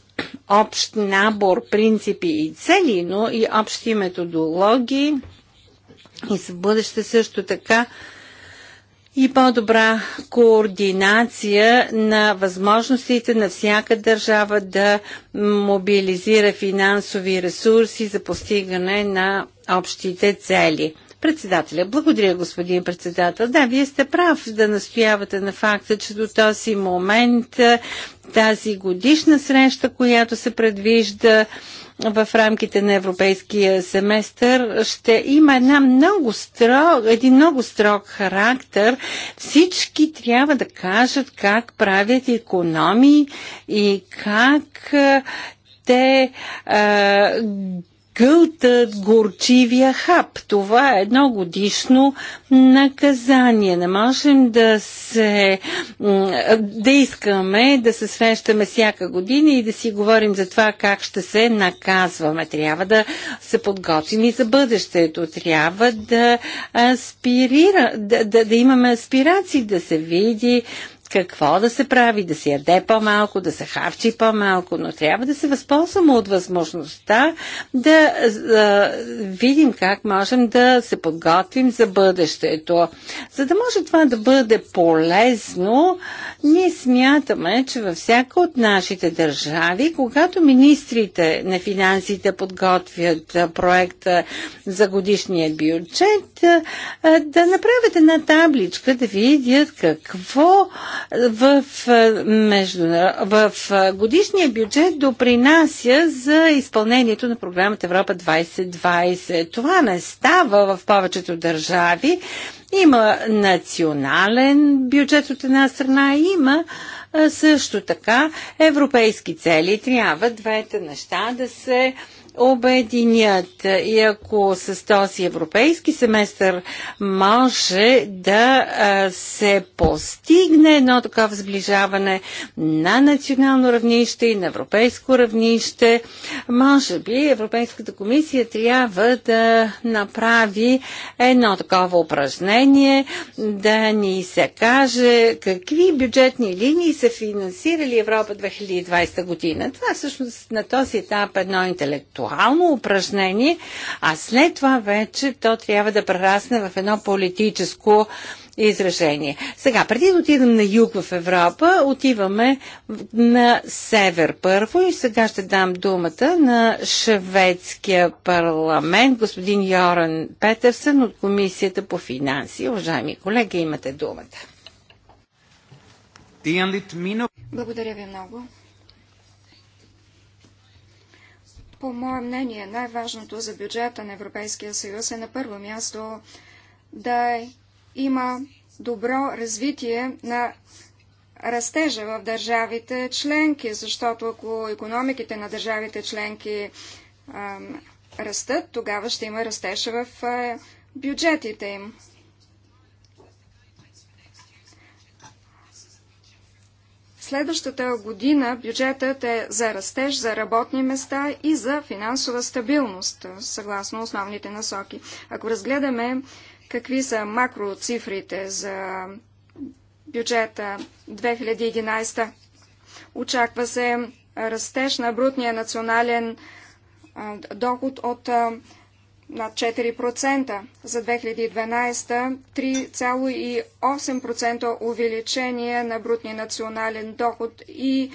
общ набор принципи и цели, но и общи методологии и в бъдеще също така и по-добра координация на възможностите на всяка държава да мобилизира финансови ресурси за постигане на общите цели. Председателя. Благодаря, господин председател. Да, вие сте прав да настоявате на факта, че до този момент е, тази годишна среща, която се предвижда, в рамките на европейския семестър ще има една много строг, един много строг характер. Всички трябва да кажат как правят економии и как е, те а, е, гълтат горчивия хап. Това е едно годишно наказание. Не можем да се да искаме да се срещаме всяка година и да си говорим за това как ще се наказваме. Трябва да се подготвим и за бъдещето. Трябва да аспирира, да, да, да имаме аспирации, да се види какво да се прави, да се яде по-малко, да се харчи по-малко, но трябва да се възползваме от възможността да, да видим как можем да се подготвим за бъдещето. За да може това да бъде полезно, ние смятаме, че във всяка от нашите държави, когато министрите на финансите подготвят проекта за годишния бюджет, да направят една табличка, да видят какво в, е, между, в е, годишния бюджет допринася за изпълнението на програмата Европа 2020. Това не става в повечето държави. Има национален бюджет от една страна, има е, също така европейски цели. Трябва двете неща да се а, обединят. И ако с този европейски семестър може да се постигне едно такова сближаване на национално равнище и на европейско равнище, може би Европейската комисия трябва да направи едно такова упражнение, да ни се каже какви бюджетни линии са финансирали Европа 2020 година. Това всъщност на този етап е едно интелектуално интелектуално упражнение, а след това вече то трябва да прерасне в едно политическо изражение. Сега, преди да отидем на юг в Европа, отиваме на север първо и сега ще дам думата на шведския парламент, господин Йоран Петерсен от Комисията по финанси. Уважаеми колеги, имате думата. Благодаря ви много. По мое мнение, най-важното за бюджета на Европейския съюз е на първо място да има добро развитие на растежа в държавите членки, защото ако економиките на държавите членки растат, тогава ще има растеж в бюджетите им. Следващата година бюджетът е за растеж, за работни места и за финансова стабилност, съгласно основните насоки. Ако разгледаме какви са макроцифрите за бюджета 2011, очаква се растеж на брутния национален доход от над 4%. За 2012 3,8% увеличение на брутния национален доход и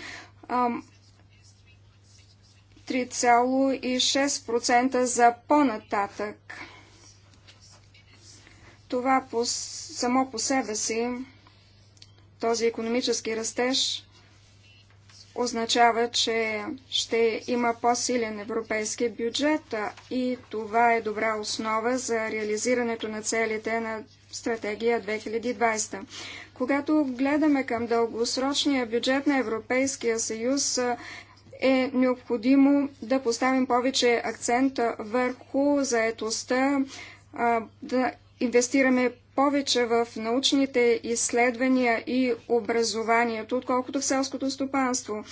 3,6% за по-нататък. Това по, само по себе си, този економически растеж, означава, че ще има по-силен европейски бюджет и това е добра основа за реализирането на целите на стратегия 2020. Когато гледаме към дългосрочния бюджет на Европейския съюз, е необходимо да поставим повече акцент върху заетостта, да инвестираме повече в научните изследвания и образованието, отколкото в селското стопанство.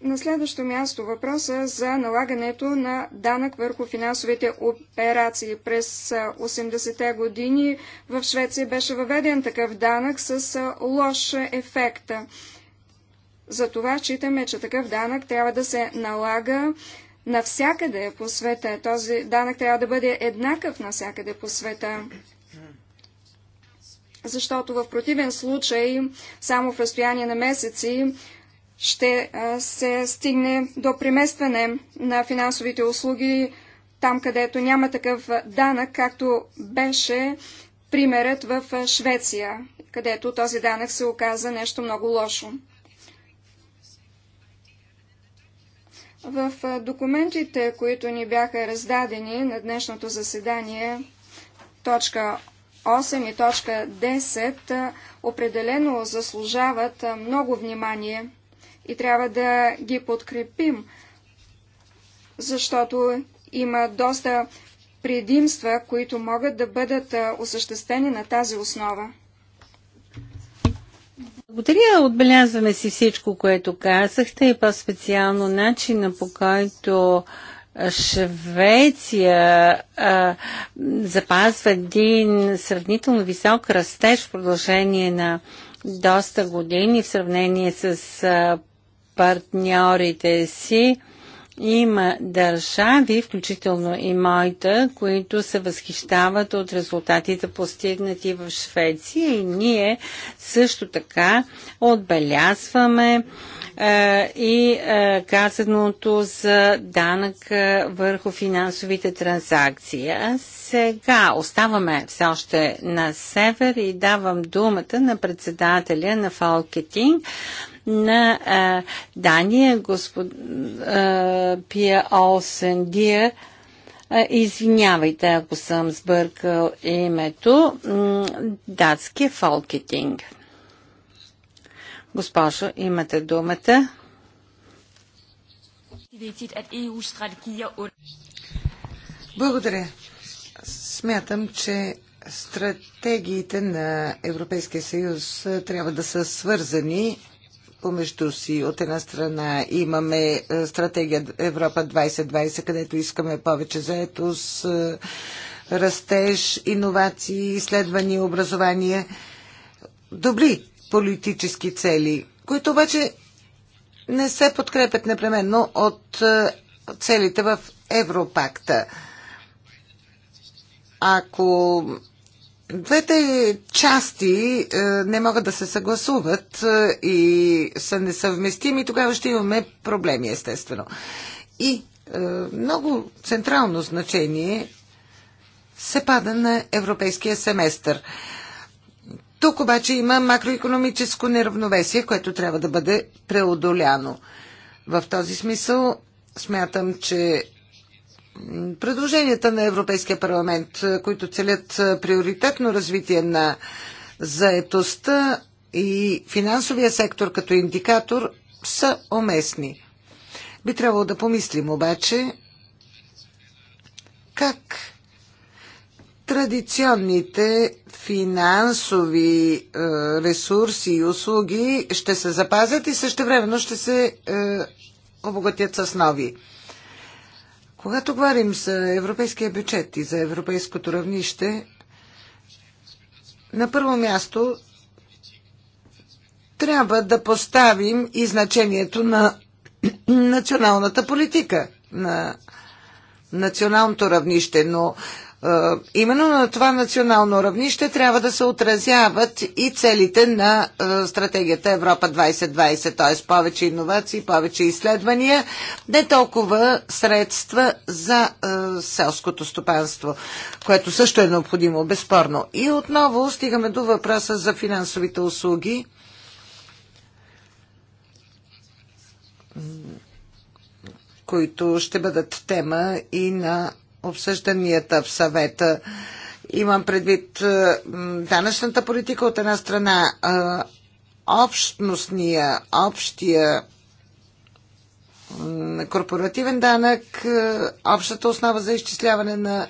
На следващо място въпроса за налагането на данък върху финансовите операции. През 80-те години в Швеция беше въведен такъв данък с лош ефект. Затова считаме, че такъв данък трябва да се налага навсякъде по света. Този данък трябва да бъде еднакъв навсякъде по света. Защото в противен случай, само в разстояние на месеци, ще се стигне до преместване на финансовите услуги там, където няма такъв данък, както беше примерът в Швеция, където този данък се оказа нещо много лошо. В документите, които ни бяха раздадени на днешното заседание, точка 8 и точка 10 определено заслужават много внимание и трябва да ги подкрепим, защото има доста предимства, които могат да бъдат осъществени на тази основа. Благодаря, отбелязваме си всичко, което казахте и по-специално начина по който Швеция а, запазва един сравнително висок растеж в продължение на доста години в сравнение с а, партньорите си. Има държави, включително и моята, които се възхищават от резултатите постигнати в Швеция и ние също така отбелязваме е, и е, казаното за данък върху финансовите транзакции. А сега оставаме все още на север и давам думата на председателя на Фалкетинг на а, Дания, господ а, Пия Олсен Дия. Извинявайте, ако съм сбъркал името. Датски фолкетинг. Госпожо, имате думата. Благодаря. Смятам, че стратегиите на Европейския съюз трябва да са свързани помежду си. От една страна имаме е, стратегия Европа 2020, където искаме повече заетост, е, растеж, иновации, изследвания, образование. Добри политически цели, които обаче не се подкрепят непременно от е, целите в Европакта. Ако Двете части е, не могат да се съгласуват е, и са несъвместими, тогава ще имаме проблеми, естествено. И е, много централно значение се пада на европейския семестър. Тук обаче има макроекономическо неравновесие, което трябва да бъде преодоляно. В този смисъл смятам, че Предложенията на Европейския парламент, които целят приоритетно развитие на заетостта и финансовия сектор като индикатор, са уместни. Би трябвало да помислим обаче как традиционните финансови е, ресурси и услуги ще се запазят и същевременно ще се е, обогатят с нови. Когато говорим за европейския бюджет и за европейското равнище, на първо място трябва да поставим и значението на националната политика, на националното равнище, но Именно на това национално равнище трябва да се отразяват и целите на стратегията Европа 2020, т.е. повече иновации, повече изследвания, не толкова средства за селското стопанство, което също е необходимо, безспорно. И отново стигаме до въпроса за финансовите услуги. които ще бъдат тема и на обсъжданията в съвета. Имам предвид е, данъчната политика от една страна, е, общностния, общия корпоративен данък, е, общата основа за изчисляване на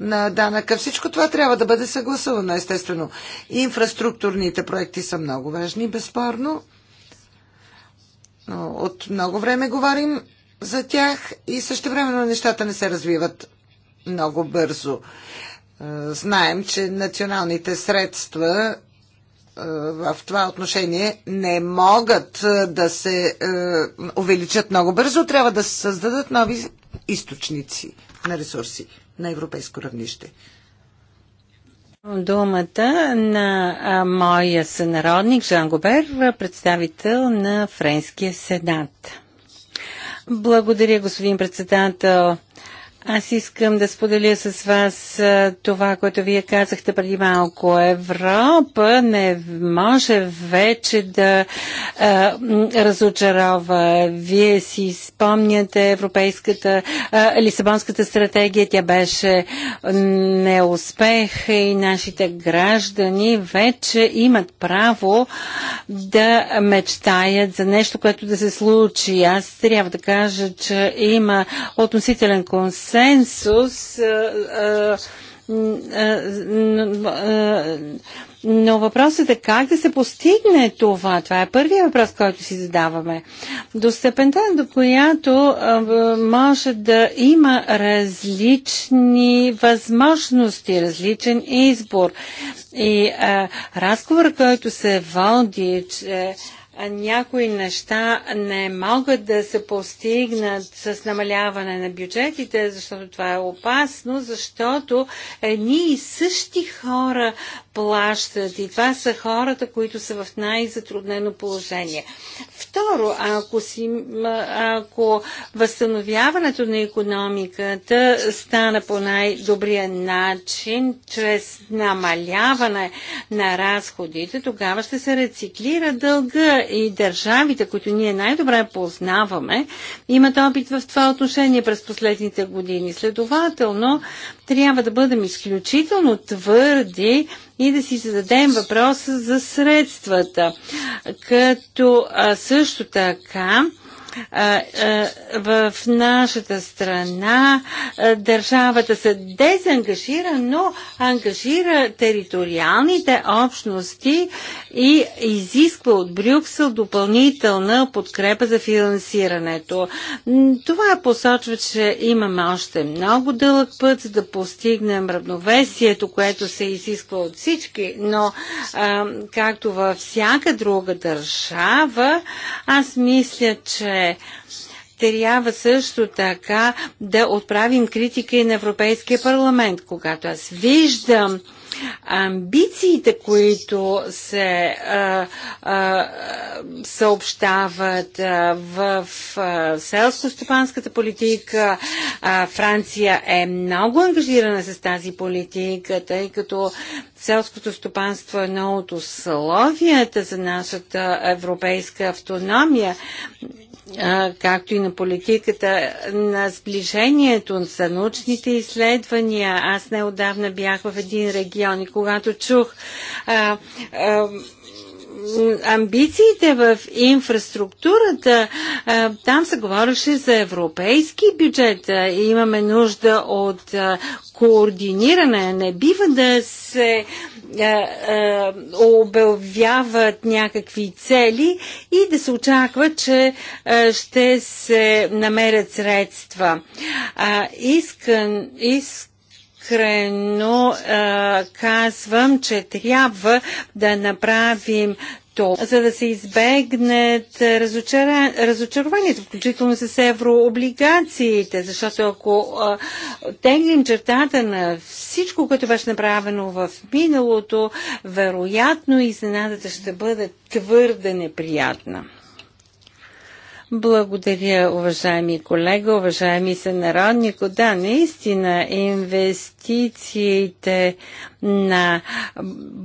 на данъка. Всичко това трябва да бъде съгласувано, естествено. Инфраструктурните проекти са много важни, безспорно. От много време говорим за тях и също времено нещата не се развиват много бързо. Е, знаем, че националните средства е, в това отношение не могат е, да се увеличат много бързо. Трябва да се създадат нови източници на ресурси на европейско равнище. Думата на моя сънародник Жан Гобер, представител на Френския сенат. Благодаря, господин председател. Аз искам да споделя с вас това, което вие казахте преди малко. Европа не може вече да а, разочарова. Вие си спомняте Европейската а, Лисабонската стратегия. Тя беше неуспех и нашите граждани вече имат право да мечтаят за нещо, което да се случи. Аз трябва да кажа, че има относителен консенсус консенсус. но въпросът е как да се постигне това. Това е първият въпрос, който си задаваме. До степента, до която може да има различни възможности, различен избор. И разговор, който се води, че някои неща не могат да се постигнат с намаляване на бюджетите, защото това е опасно, защото едни и същи хора плащат. И това са хората, които са в най-затруднено положение. Второ, ако, си, ако възстановяването на економиката стана по най-добрия начин, чрез намаляване на разходите, тогава ще се рециклира дълга и държавите, които ние най-добре познаваме, имат опит в това отношение през последните години. Следователно, трябва да бъдем изключително твърди, и да си зададем въпроса за средствата. Като също така в нашата страна държавата се дезангажира, но ангажира териториалните общности и изисква от Брюксел допълнителна подкрепа за финансирането. Това посочва, че имаме още много дълъг път, за да постигнем равновесието, което се изисква от всички, но както във всяка друга държава, аз мисля, че трябва също така да отправим критика и на Европейския парламент. Когато аз виждам Амбициите, които се а, а, съобщават а, в селско-стопанската политика, а, Франция е много ангажирана с тази политика, тъй като селското стопанство е едно от условията за нашата европейска автономия както и на политиката на сближението на научните изследвания. Аз неодавна бях в един регион, райони. Когато чух а, а, амбициите в инфраструктурата, там се говореше за европейски бюджет. Имаме нужда от координиране. Не бива да се обявяват някакви цели и да се очаква, че ще се намерят средства. Искам, искам искрено а, казвам, че трябва да направим то, за да се избегнат разочара... разочарованието, включително с еврооблигациите, защото ако а, теглим чертата на всичко, което беше направено в миналото, вероятно изненадата ще бъде твърде неприятна. Благодаря, уважаеми колега, уважаеми сънароднико. Да, наистина, инвестициите на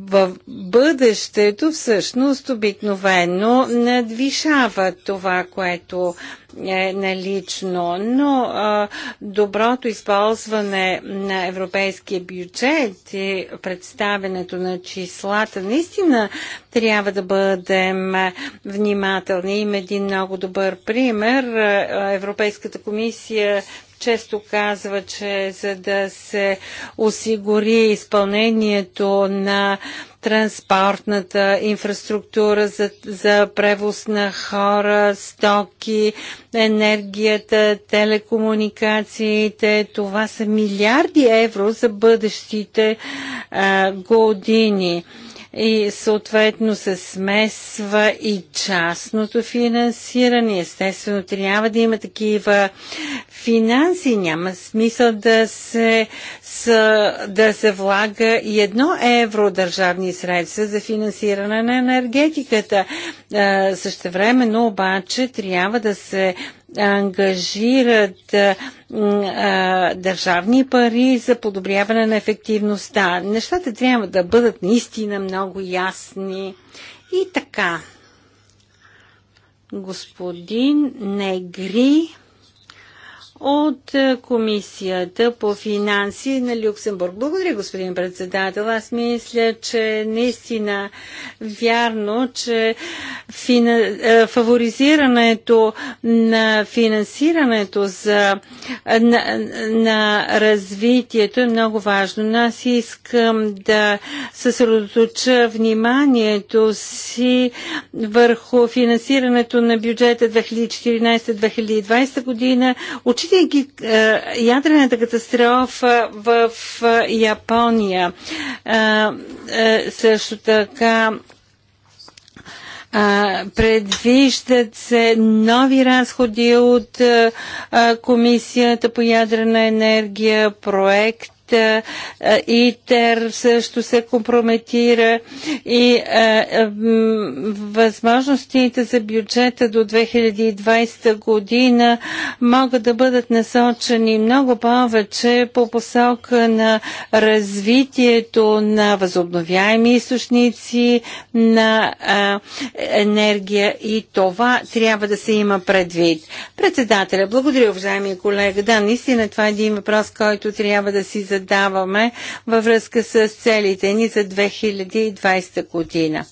в бъдещето всъщност обикновено надвишава това, което е налично, но а, доброто използване на европейския бюджет и представенето на числата наистина трябва да бъдем внимателни. Има един много добър пример. Европейската комисия често казва, че за да се осигури изпълнението на транспортната инфраструктура за, за превоз на хора, стоки, енергията, телекомуникациите. Това са милиарди евро за бъдещите а, години и съответно се смесва и частното финансиране. Естествено, трябва да има такива финанси. Няма смисъл да се, с, да се влага и едно евро държавни средства за финансиране на енергетиката. Е, същевременно обаче трябва да се ангажират държавни пари за подобряване на ефективността. Нещата трябва да бъдат наистина много ясни. И така, господин Негри от е, Комисията по финанси на Люксембург. Благодаря, господин председател. Аз мисля, че наистина вярно, че фина... Е, фаворизирането на финансирането за... Е, на... на развитието е много важно. Но аз искам да съсредоточа вниманието си върху финансирането на бюджета 2014-2020 година. Виждайки е, ядрената катастрофа в е, Япония, е, също така предвиждат се нови разходи от Комисията по ядрена енергия, проект ИТЕР също се компрометира и възможностите за бюджета до 2020 година могат да бъдат насочени много повече по посока на развитието на възобновяеми източници на енергия и това трябва да се има предвид. Председателя, благодаря, уважаеми колега. Да, наистина това е един въпрос, който трябва да си зададем задаваме във връзка с целите ни за 2020 година.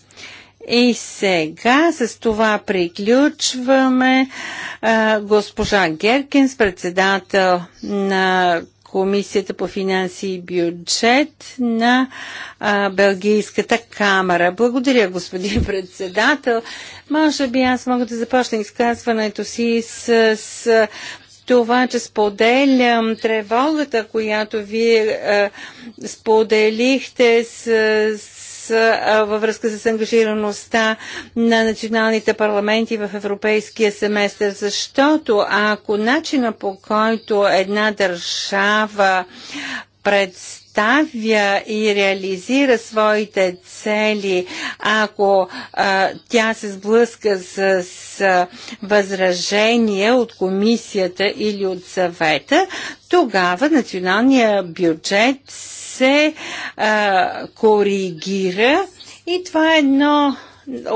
И сега с това приключваме а, госпожа Геркинс, председател на Комисията по финанси и бюджет на а, Белгийската камера. Благодаря, господин председател. Може би аз мога да започна изказването си с, с това, че споделям тревогата, която вие е, споделихте с, с, е, във връзка с ангажираността на националните парламенти в европейския семестър, защото ако начина по който една държава пред поставя и реализира своите цели, ако а, тя се сблъска с, с възражения от комисията или от съвета, тогава националният бюджет се а, коригира и това е едно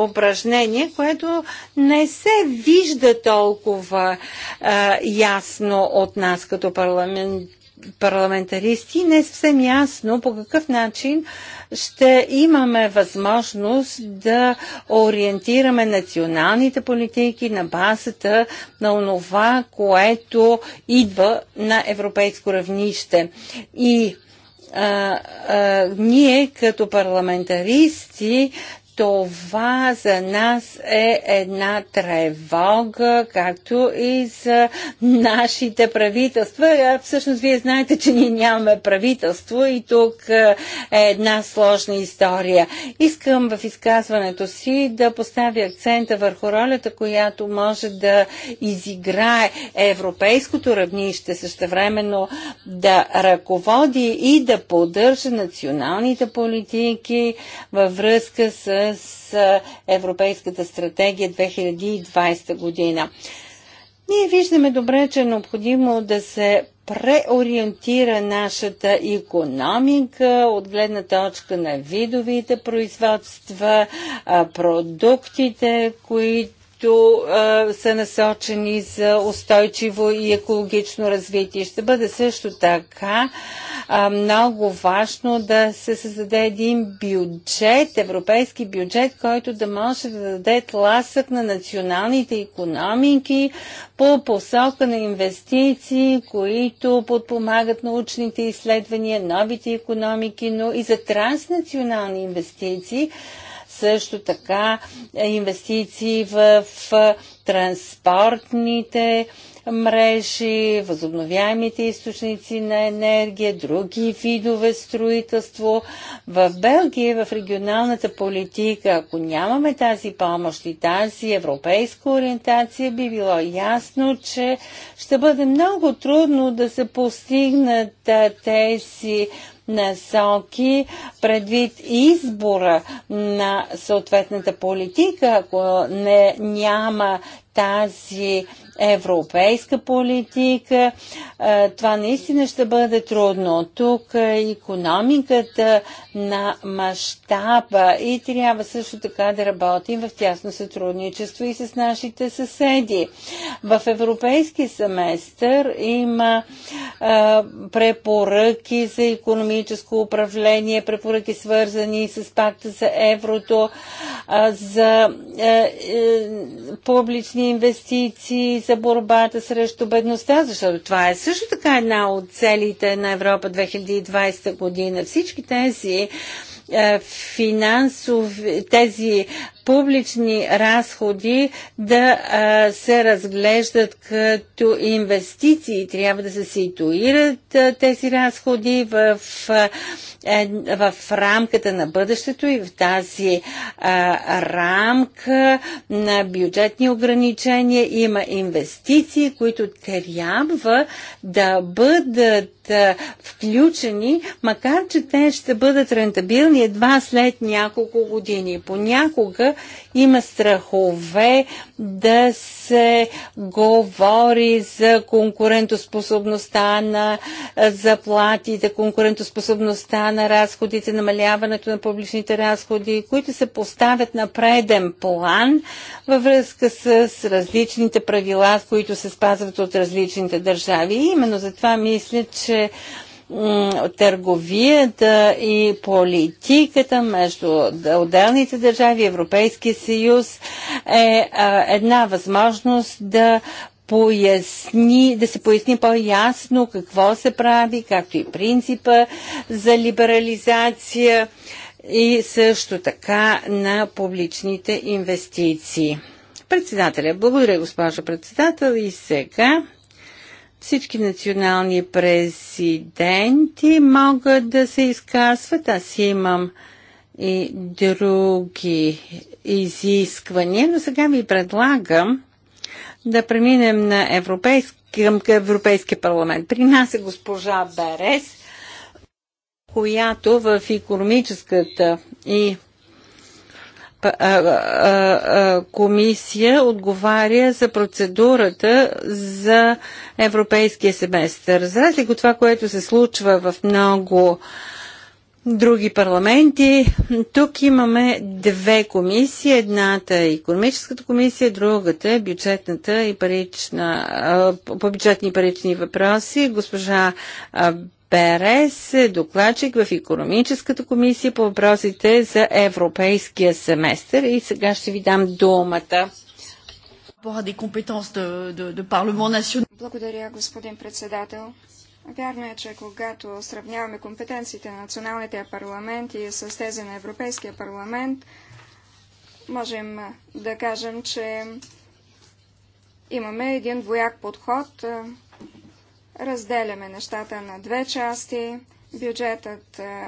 упражнение, което не се вижда толкова а, ясно от нас като парламент парламентаристи, не е съвсем ясно по какъв начин ще имаме възможност да ориентираме националните политики на базата на онова, което идва на европейско равнище. И а, а, ние като парламентаристи това за нас е една тревога, както и за нашите правителства. Всъщност, вие знаете, че ние нямаме правителство и тук е една сложна история. Искам в изказването си да поставя акцента върху ролята, която може да изиграе европейското равнище, същевременно да ръководи и да поддържа националните политики във връзка с с Европейската стратегия 2020 година. Ние виждаме добре, че е необходимо да се преориентира нашата економика от гледна точка на видовите производства, продуктите, които които а, са насочени за устойчиво и екологично развитие. Ще бъде също така а, много важно да се създаде един бюджет, европейски бюджет, който да може да даде тласък на националните економики по посока на инвестиции, които подпомагат научните изследвания, новите економики, но и за транснационални инвестиции, също така е, инвестиции в транспортните мрежи, възобновяемите източници на енергия, други видове строителство. В Белгия, в регионалната политика, ако нямаме тази помощ и тази европейска ориентация, би било ясно, че ще бъде много трудно да се постигнат тези насоки предвид избора на съответната политика, ако не няма тази европейска политика. Е, това наистина ще бъде трудно. Тук економиката на мащаба и трябва също така да работим в тясно сътрудничество и с нашите съседи. В европейски семестър има е, препоръки за економическо управление, препоръки свързани с пакта за еврото, е, за публични инвестиции, за борбата срещу бедността, защото това е също така една от целите на Европа 2020 година. Всички тези е, финансови, тези е, публични разходи да а, се разглеждат като инвестиции. Трябва да се ситуират а, тези разходи в, а, е, в рамката на бъдещето и в тази а, рамка на бюджетни ограничения. Има инвестиции, които трябва да бъдат а, включени, макар че те ще бъдат рентабилни едва след няколко години. Понякога има страхове да се говори за конкурентоспособността на заплатите, конкурентоспособността на разходите, намаляването на публичните разходи, които се поставят на преден план във връзка с различните правила, които се спазват от различните държави. И именно затова мисля, че търговията и политиката между отделните държави и Европейския съюз е една възможност да поясни, да се поясни по-ясно какво се прави, както и принципа за либерализация и също така на публичните инвестиции. Председателя, благодаря госпожа председател и сега всички национални президенти могат да се изказват. Аз имам и други изисквания, но сега ви предлагам да преминем на европейски, към Европейския парламент. При нас е госпожа Берес, която в економическата и комисия отговаря за процедурата за европейския семестър. За разлика от това, което се случва в много други парламенти, тук имаме две комисии. Едната е економическата комисия, другата е бюджетната и парична, по бюджетни и парични въпроси. Госпожа Перес е докладчик в економическата комисия по въпросите за европейския семестър и сега ще ви дам думата. Благодаря, господин председател. Вярно е, че когато сравняваме компетенциите на националните парламенти с тези на Европейския парламент, можем да кажем, че имаме един двояк подход – разделяме нещата на две части. Бюджетът е,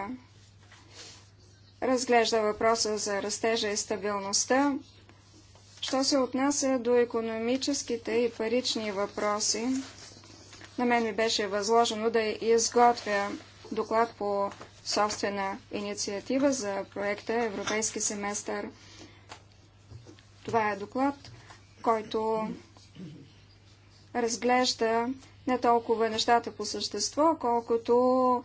разглежда въпроса за растежа и стабилността. Що се отнася до економическите и парични въпроси, на мен ми беше възложено да изготвя доклад по собствена инициатива за проекта Европейски семестър. Това е доклад, който разглежда не толкова нещата по същество, колкото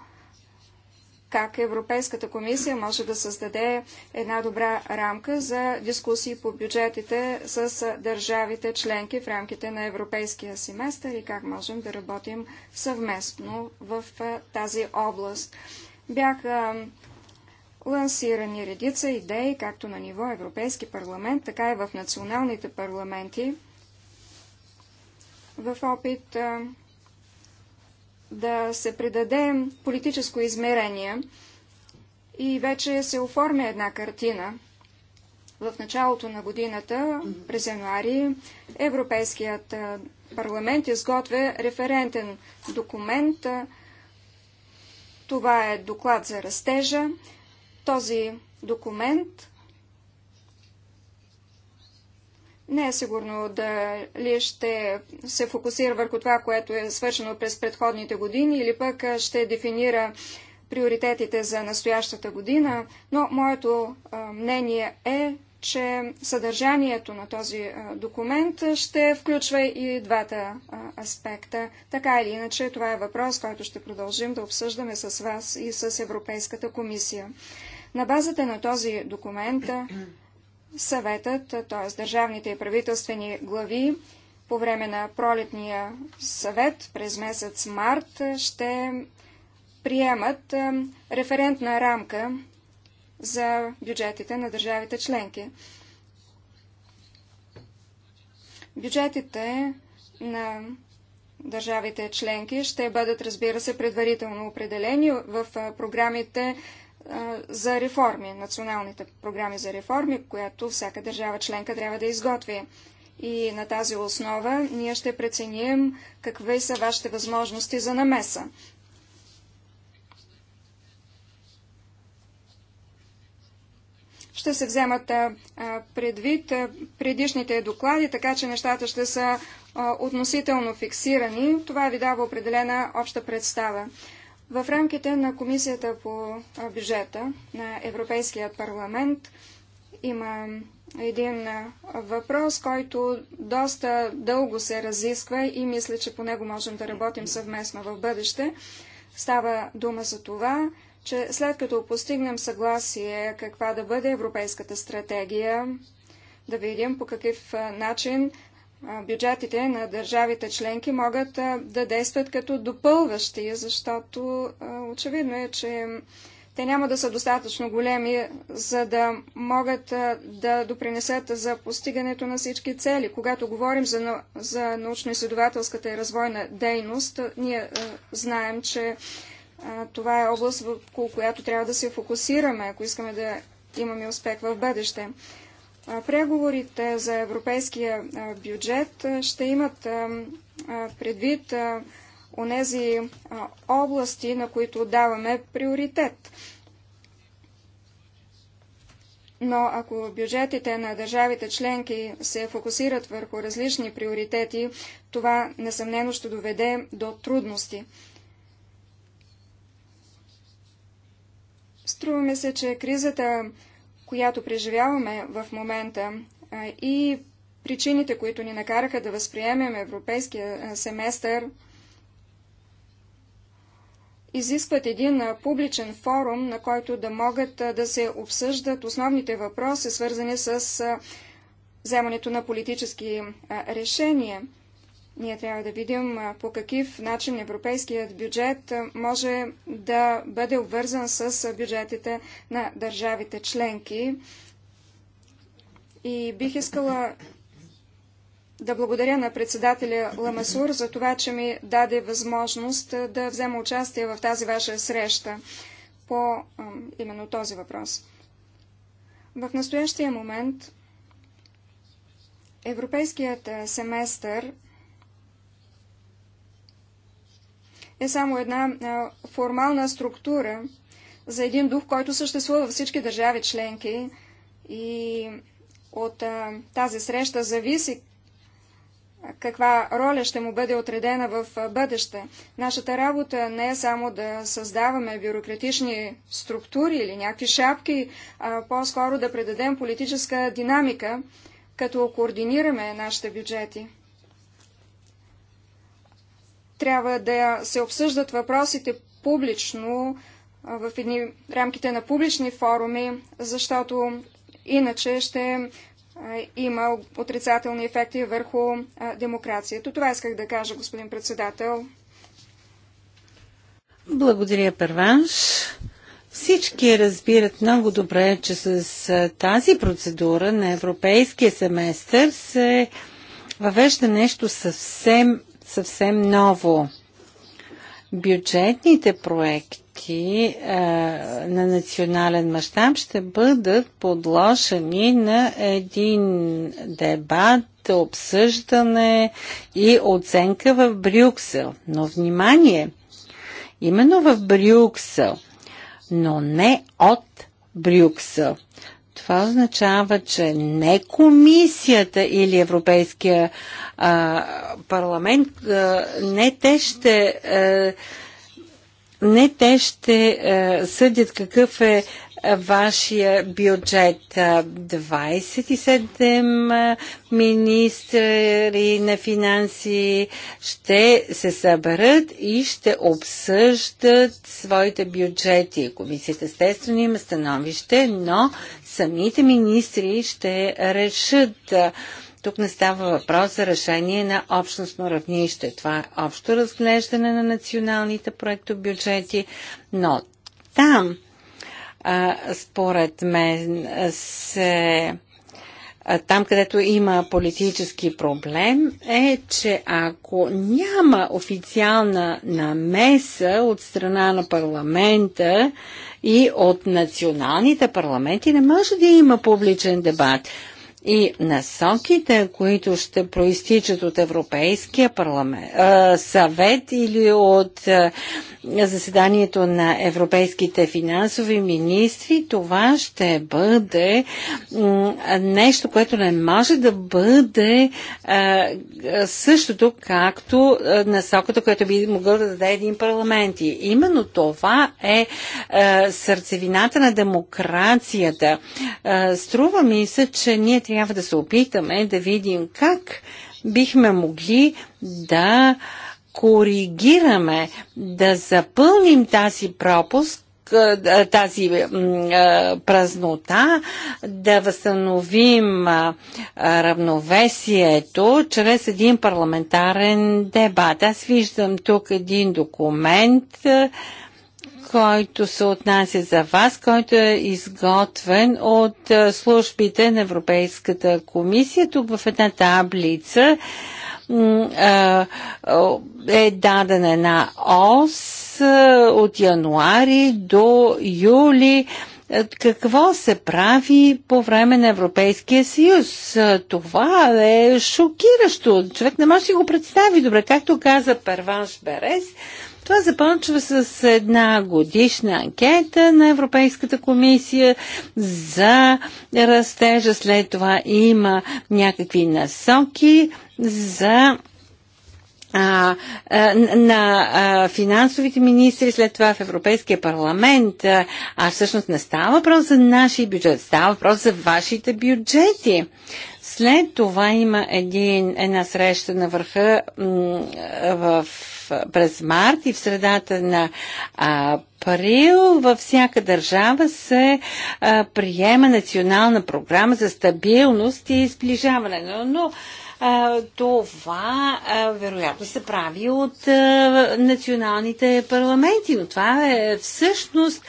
как Европейската комисия може да създаде една добра рамка за дискусии по бюджетите с държавите членки в рамките на европейския семестър и как можем да работим съвместно в тази област. Бяха лансирани редица идеи, както на ниво Европейски парламент, така и в националните парламенти, в опит да се придаде политическо измерение и вече се оформя една картина. В началото на годината, през януари, Европейският парламент изготвя референтен документ. Това е доклад за растежа. Този документ Не е сигурно дали ще се фокусира върху това, което е свършено през предходните години или пък ще дефинира приоритетите за настоящата година, но моето мнение е, че съдържанието на този документ ще включва и двата аспекта. Така или иначе, това е въпрос, който ще продължим да обсъждаме с вас и с Европейската комисия. На базата на този документ съветът, т.е. държавните и правителствени глави, по време на пролетния съвет през месец март ще приемат референтна рамка за бюджетите на държавите членки. Бюджетите на държавите членки ще бъдат, разбира се, предварително определени в програмите за реформи, националните програми за реформи, която всяка държава членка трябва да изготви. И на тази основа ние ще преценим какви са вашите възможности за намеса. Ще се вземат предвид предишните доклади, така че нещата ще са относително фиксирани. Това ви дава определена обща представа. В рамките на Комисията по бюджета на Европейския парламент има един въпрос, който доста дълго се разисква и мисля, че по него можем да работим съвместно в бъдеще. Става дума за това, че след като постигнем съгласие каква да бъде европейската стратегия, да видим по какъв начин бюджетите на държавите членки могат да действат като допълващи, защото очевидно е, че те няма да са достатъчно големи, за да могат да допринесат за постигането на всички цели. Когато говорим за, за научно-изследователската и развойна дейност, ние знаем, че това е област, в която трябва да се фокусираме, ако искаме да имаме успех в бъдеще преговорите за европейския бюджет ще имат предвид онези области, на които даваме приоритет. Но ако бюджетите на държавите членки се фокусират върху различни приоритети, това несъмнено ще доведе до трудности. Струваме се, че кризата която преживяваме в момента и причините, които ни накараха да възприемем европейския семестър, изискват един публичен форум, на който да могат да се обсъждат основните въпроси, свързани с вземането на политически решения. Ние трябва да видим по какъв начин европейският бюджет може да бъде обвързан с бюджетите на държавите членки. И бих искала да благодаря на председателя Ламасур за това, че ми даде възможност да взема участие в тази ваша среща по именно този въпрос. В настоящия момент Европейският семестър е само една а, формална структура за един дух, който съществува във всички държави членки. И от а, тази среща зависи каква роля ще му бъде отредена в бъдеще. Нашата работа не е само да създаваме бюрократични структури или някакви шапки, а по-скоро да предадем политическа динамика, като координираме нашите бюджети трябва да се обсъждат въпросите публично, в едни рамките на публични форуми, защото иначе ще има отрицателни ефекти върху демокрацията. Това исках да кажа, господин председател. Благодаря, Първанш. Всички разбират много добре, че с тази процедура на европейския семестър се въвежда нещо съвсем съвсем ново. Бюджетните проекти е, на национален мащаб ще бъдат подложени на един дебат, обсъждане и оценка в Брюксел. Но внимание! Именно в Брюксел, но не от Брюксел. Това означава, че не комисията или Европейския а, парламент, а, не те ще. А, не те ще е, съдят какъв е вашия бюджет. 27 министри на финанси ще се съберат и ще обсъждат своите бюджети. Комисията естествено има становище, но самите министри ще решат тук не става въпрос за решение на общностно равнище. Това е общо разглеждане на националните бюджети, но там според мен се там, където има политически проблем, е, че ако няма официална намеса от страна на парламента и от националните парламенти, не може да има публичен дебат. И насоките, които ще проистичат от Европейския парламент, съвет или от заседанието на европейските финансови министри, това ще бъде нещо, което не може да бъде е, същото, както е, насоката, която би могъл да даде един парламент. И именно това е, е сърцевината на демокрацията. Струва ми се, че ние трябва да се опитаме да видим как бихме могли да а, коригираме, да запълним тази пропуск, тази празнота, да възстановим равновесието чрез един парламентарен дебат. Аз виждам тук един документ, който се отнася за вас, който е изготвен от службите на Европейската комисия. Тук в една таблица е дадена една ОС от януари до юли какво се прави по време на Европейския съюз. Това е шокиращо. Човек не може да си го представи добре. Както каза Перванш Берес, това започва с една годишна анкета на Европейската комисия за растежа. След това има някакви насоки за а, а, на а, финансовите министри, след това в Европейския парламент. А, а всъщност не става въпрос за нашия бюджет, става въпрос за вашите бюджети. След това има един, една среща на върха в, през март и в средата на април във всяка държава се а, приема национална програма за стабилност и сближаване. Но, но това вероятно се прави от националните парламенти, но това е всъщност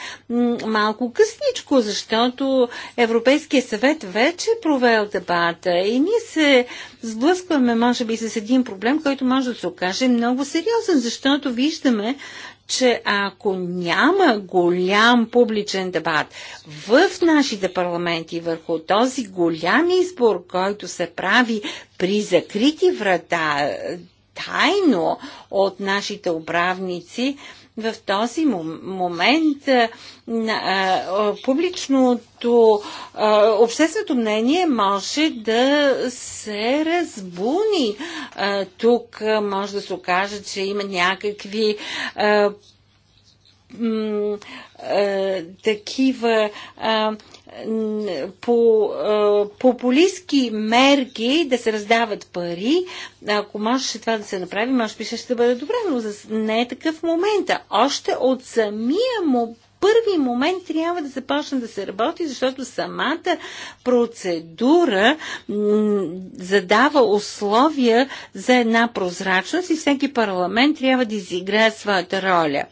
малко късничко, защото Европейския съвет вече е провел дебата и ние се сблъскваме, може би, с един проблем, който може да се окаже много сериозен, защото виждаме, че ако няма голям публичен дебат в нашите парламенти върху този голям избор, който се прави при закрити врата, тайно от нашите управници, в този момент публичното общественото мнение може да се разбуни. Тук може да се окаже, че има някакви такива а, по популистски мерки да се раздават пари. Ако можеше това да се направи, може би ще бъде добре, но не е такъв момента. Още от самия му първи момент трябва да започне да се работи, защото самата процедура задава условия за една прозрачност и всеки парламент трябва да изиграе своята роля.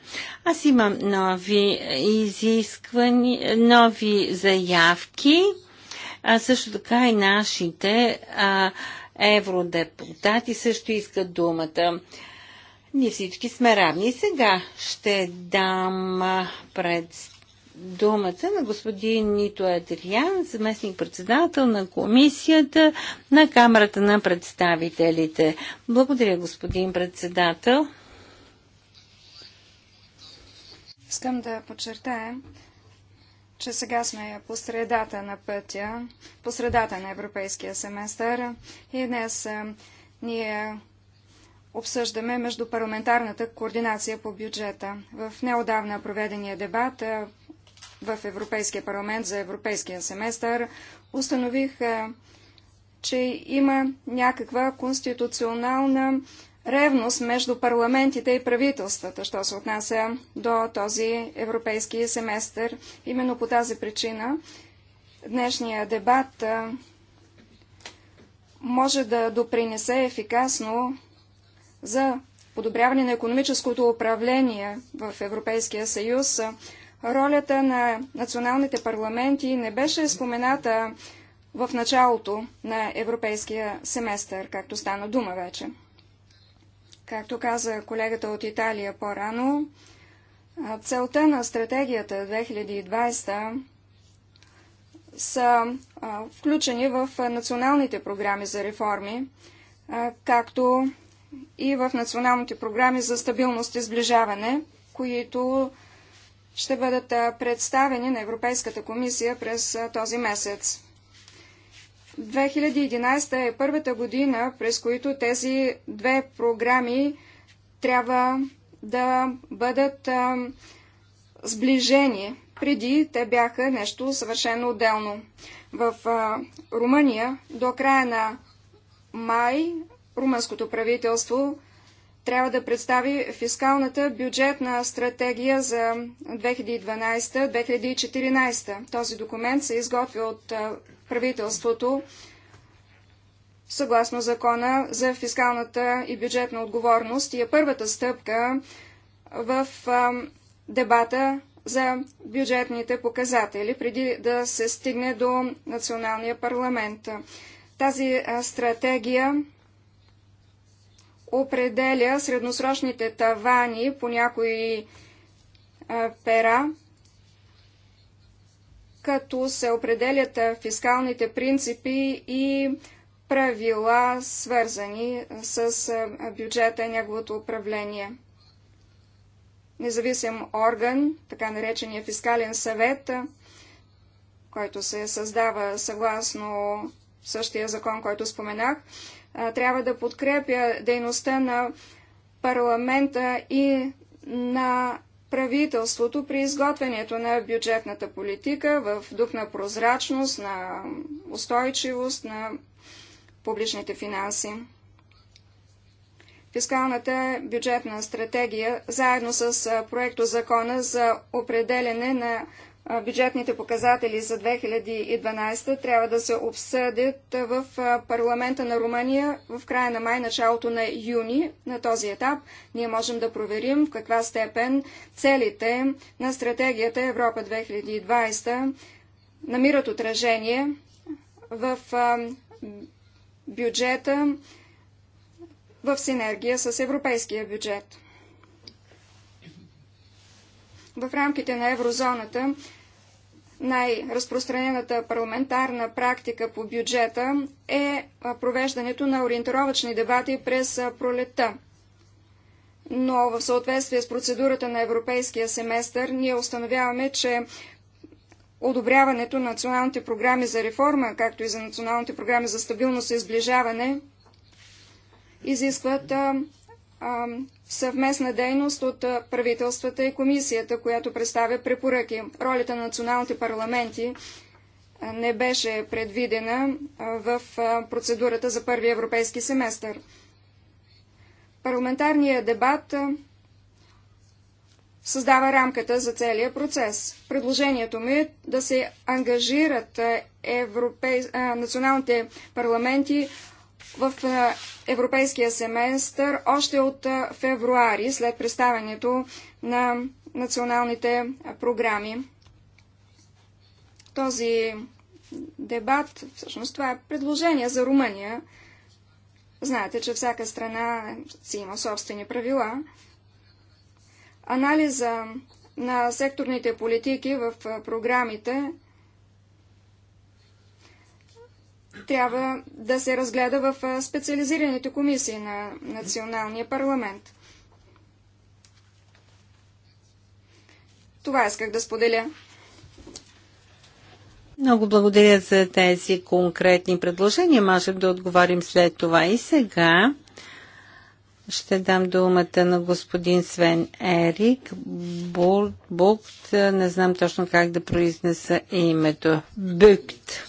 Аз имам нови изисквани, нови заявки, а също така и нашите а, евродепутати също искат думата. Ние всички сме равни. Сега ще дам пред думата на господин Нито Адриан, заместник-председател на комисията на Камерата на представителите. Благодаря, господин председател. Искам да подчертаем, че сега сме по средата на пътя, по средата на европейския семестър и днес ние обсъждаме междупарламентарната координация по бюджета. В неодавна проведения дебат в Европейския парламент за Европейския семестър установих, че има някаква конституционална ревност между парламентите и правителствата, що се отнася до този европейски семестър. Именно по тази причина днешния дебат може да допринесе ефикасно за подобряване на економическото управление в Европейския съюз, ролята на националните парламенти не беше спомената в началото на европейския семестър, както стана дума вече. Както каза колегата от Италия по-рано, целта на стратегията 2020 са включени в националните програми за реформи, както и в националните програми за стабилност и сближаване, които ще бъдат представени на Европейската комисия през този месец. 2011 е първата година, през които тези две програми трябва да бъдат а, сближени. Преди те бяха нещо съвършено отделно. В а, Румъния до края на май румънското правителство трябва да представи фискалната бюджетна стратегия за 2012-2014. Този документ се изготвя от правителството съгласно закона за фискалната и бюджетна отговорност и е първата стъпка в дебата за бюджетните показатели, преди да се стигне до националния парламент. Тази стратегия определя средносрочните тавани по някои пера, като се определят фискалните принципи и правила, свързани с бюджета и неговото управление. Независим орган, така наречения фискален съвет, който се създава съгласно същия закон, който споменах, трябва да подкрепя дейността на парламента и на правителството при изготвянето на бюджетната политика в дух на прозрачност, на устойчивост на публичните финанси. Фискалната бюджетна стратегия, заедно с проекто закона за определене на бюджетните показатели за 2012 трябва да се обсъдят в парламента на Румъния в края на май, началото на юни. На този етап ние можем да проверим в каква степен целите на стратегията Европа 2020 намират отражение в бюджета в синергия с европейския бюджет. В рамките на еврозоната най-разпространената парламентарна практика по бюджета е провеждането на ориентировъчни дебати през пролета. Но в съответствие с процедурата на европейския семестър, ние установяваме, че одобряването на националните програми за реформа, както и за националните програми за стабилност и сближаване, изискват съвместна дейност от правителствата и комисията, която представя препоръки. Ролята на националните парламенти не беше предвидена в процедурата за първи европейски семестър. Парламентарният дебат създава рамката за целия процес. Предложението ми е да се ангажират европей... националните парламенти в Европейския семестър още от февруари, след представянето на националните програми. Този дебат, всъщност това е предложение за Румъния. Знаете, че всяка страна си има собствени правила. Анализа на секторните политики в програмите трябва да се разгледа в специализираните комисии на националния парламент. Това исках да споделя. Много благодаря за тези конкретни предложения. Можем да отговорим след това. И сега ще дам думата на господин Свен Ерик Букт. Не знам точно как да произнеса името. Букт.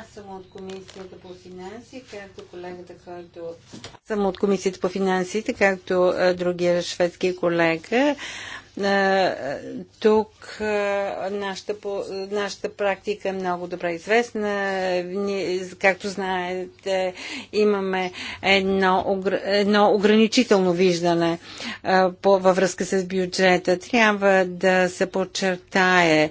Аз съм от комисията по финанси, както колегата, който... Съм от комисията по финансите, както другия шведски колега. Тук нашата, нашата практика е много добре известна. Както знаете, имаме едно, едно ограничително виждане във връзка с бюджета. Трябва да се подчертае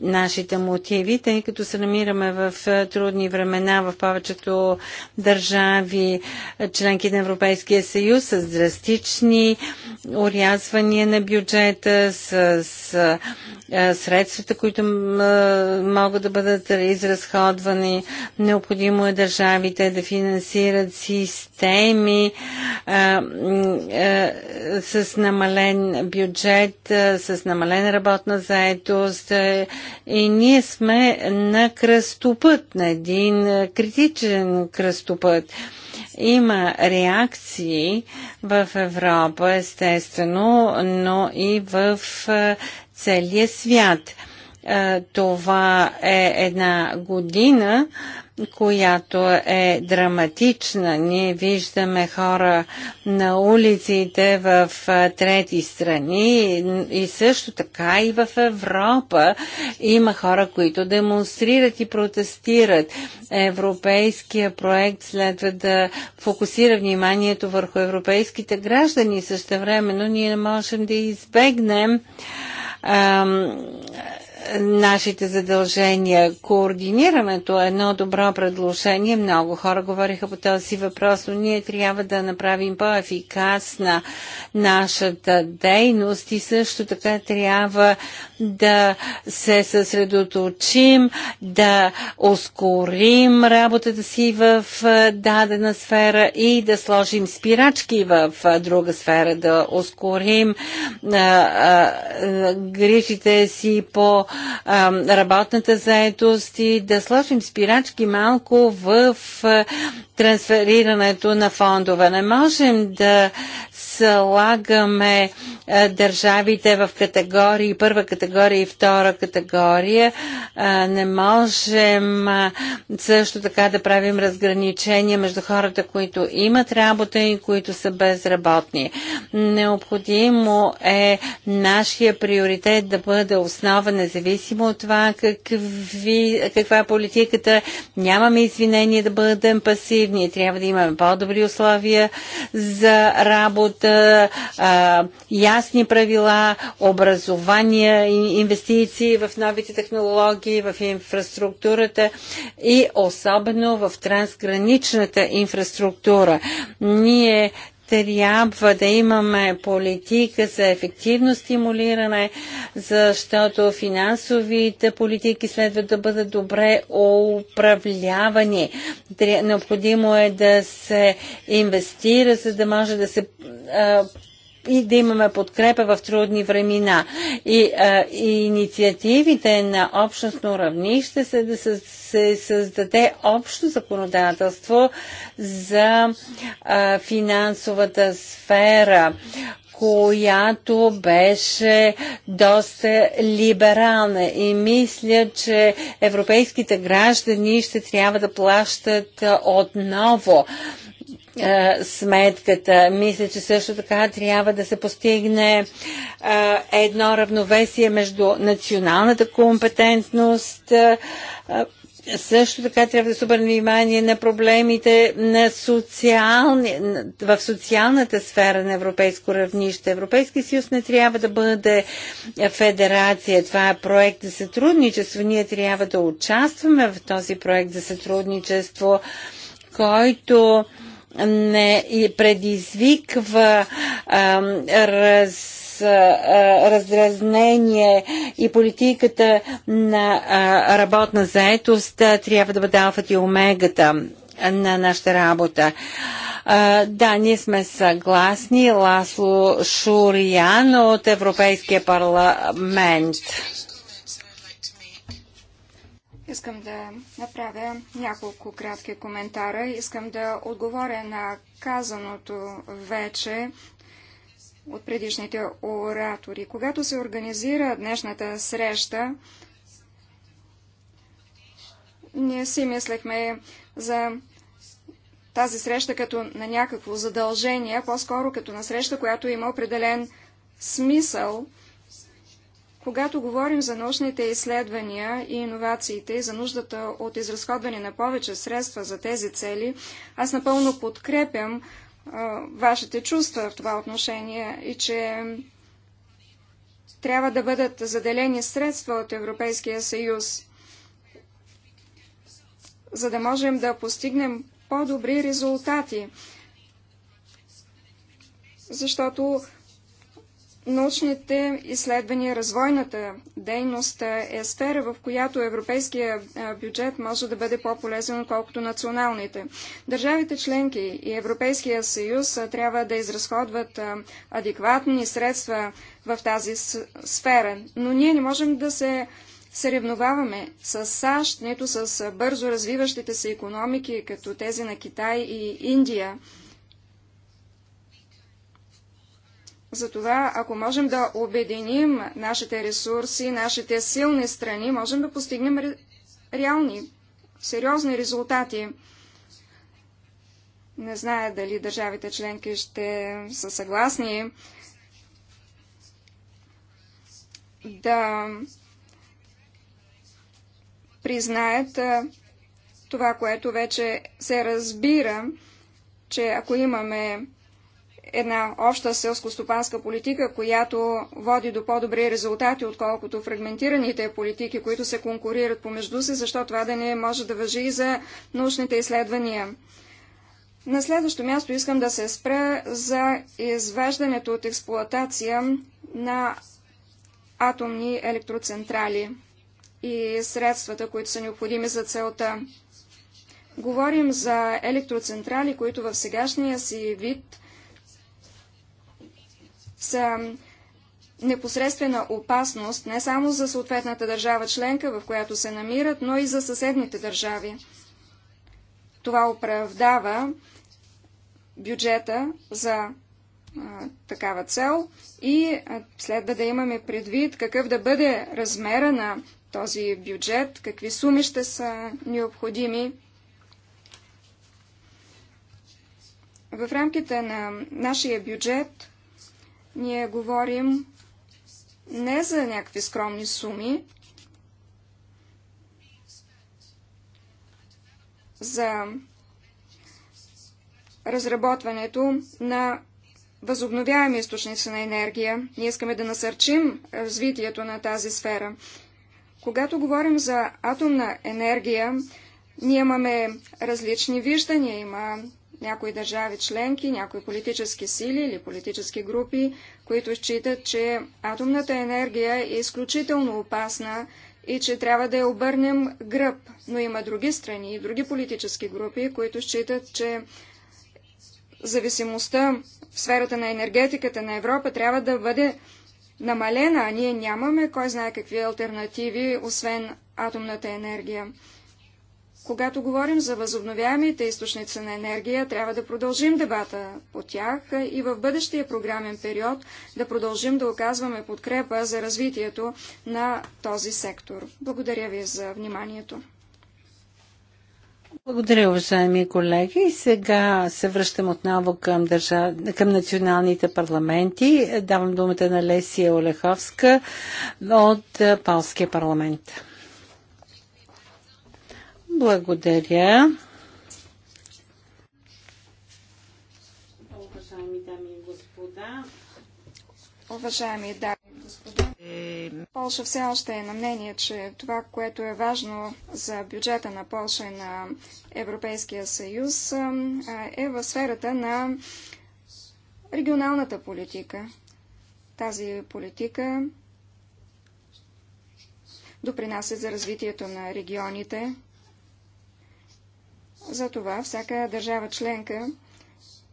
нашите мотиви, тъй като се намираме в е, трудни времена в повечето държави, е, членки на Европейския съюз, с драстични урязвания на бюджета, с, с е, средствата, които могат да бъдат изразходвани. Необходимо е държавите да финансират системи с намален бюджет, с намалена работна заетост, и ние сме на кръстопът, на един критичен кръстопът. Има реакции в Европа, естествено, но и в целия свят. Това е една година, която е драматична. Ние виждаме хора на улиците в трети страни и също така и в Европа има хора, които демонстрират и протестират. Европейския проект следва да фокусира вниманието върху европейските граждани. Също времено ние не можем да избегнем ам, нашите задължения. Координирането е едно добро предложение. Много хора говориха по този въпрос, но ние трябва да направим по-ефикасна нашата дейност и също така трябва да се съсредоточим, да ускорим работата си в дадена сфера и да сложим спирачки в друга сфера, да ускорим грижите си по работната заетост и да сложим спирачки малко в трансферирането на фондове. Не можем да залагаме държавите в категории, първа категория и втора категория. Не можем също така да правим разграничения между хората, които имат работа и които са безработни. Необходимо е нашия приоритет да бъде основа, независимо от това какви, каква е политиката. Нямаме извинение да бъдем пасивни. Трябва да имаме по-добри условия за работа а, ясни правила, образование, инвестиции в новите технологии, в инфраструктурата и особено в трансграничната инфраструктура. Ние трябва да имаме политика за ефективно стимулиране, защото финансовите политики следва да бъдат добре управлявани. Необходимо е да се инвестира, за да може да се и да имаме подкрепа в трудни времена. И, а, и инициативите на общностно равнище са да се, се създаде общо законодателство за а, финансовата сфера която беше доста либерална и мисля, че европейските граждани ще трябва да плащат отново е, сметката. Мисля, че също така трябва да се постигне е, едно равновесие между националната компетентност. Е, също така трябва да се обърне внимание на проблемите на социални, в социалната сфера на европейско равнище. Европейски съюз не трябва да бъде федерация. Това е проект за сътрудничество. Ние трябва да участваме в този проект за сътрудничество, който а, не предизвиква а, раз раздразнение и политиката на работна заетост трябва да бъде алфата и омегата на нашата работа. да, ние сме съгласни. Ласло Шуриян от Европейския парламент. Искам да направя няколко кратки коментара. Искам да отговоря на казаното вече от предишните оратори. Когато се организира днешната среща, ние си мислехме за тази среща като на някакво задължение, по-скоро като на среща, която има определен смисъл – когато говорим за научните изследвания и иновациите и за нуждата от изразходване на повече средства за тези цели, аз напълно подкрепям а, вашите чувства в това отношение и че трябва да бъдат заделени средства от Европейския съюз, за да можем да постигнем по-добри резултати. Защото научните изследвания, развойната дейност е сфера, в която европейския е, бюджет може да бъде по-полезен, отколкото националните. Държавите членки и Европейския съюз е, трябва да изразходват е, адекватни средства в тази сфера, но ние не можем да се съревноваваме с САЩ, нито с бързо развиващите се економики, като тези на Китай и Индия. Затова, ако можем да обединим нашите ресурси, нашите силни страни, можем да постигнем реални, сериозни резултати. Не зная дали държавите членки ще са съгласни да признаят това, което вече се разбира, че ако имаме една обща селско-стопанска политика, която води до по-добри резултати, отколкото фрагментираните политики, които се конкурират помежду си, защо това да не може да въжи и за научните изследвания. На следващо място искам да се спра за изваждането от експлоатация на атомни електроцентрали и средствата, които са необходими за целта. Говорим за електроцентрали, които в сегашния си вид – са непосредствена опасност не само за съответната държава членка, в която се намират, но и за съседните държави. Това оправдава бюджета за а, такава цел и а, следва да имаме предвид какъв да бъде размера на този бюджет, какви суми ще са необходими. В рамките на нашия бюджет ние говорим не за някакви скромни суми, за разработването на възобновяеми източници на енергия. Ние искаме да насърчим развитието на тази сфера. Когато говорим за атомна енергия, ние имаме различни виждания. Има някои държави членки, някои политически сили или политически групи, които считат, че атомната енергия е изключително опасна и че трябва да я обърнем гръб. Но има други страни и други политически групи, които считат, че зависимостта в сферата на енергетиката на Европа трябва да бъде намалена, а ние нямаме кой знае какви альтернативи, освен атомната енергия. Когато говорим за възобновяемите източници на енергия, трябва да продължим дебата по тях и в бъдещия програмен период да продължим да оказваме подкрепа за развитието на този сектор. Благодаря ви за вниманието. Благодаря, уважаеми колеги. И сега се връщам отново към, държа... към националните парламенти. Давам думата на Лесия Олеховска от Палския парламент. Благодаря. Уважаеми дами и господа, уважаеми дами и господа, Полша все още е на мнение, че това, което е важно за бюджета на Полша и на Европейския съюз, е в сферата на регионалната политика. Тази политика допринася за развитието на регионите, затова всяка държава членка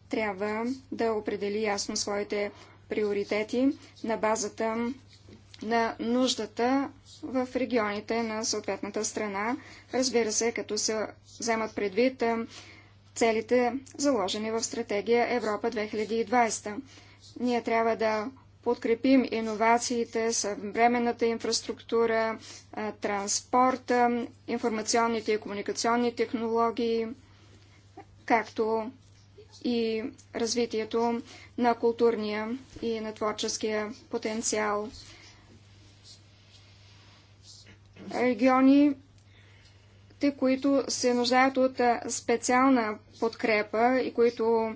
трябва да определи ясно своите приоритети на базата на нуждата в регионите на съответната страна, разбира се, като се вземат предвид целите, заложени в стратегия Европа 2020. Ние трябва да подкрепим иновациите, съвременната инфраструктура, транспорта, информационните и комуникационни технологии, както и развитието на културния и на творческия потенциал. Региони, които се нуждаят от специална подкрепа и които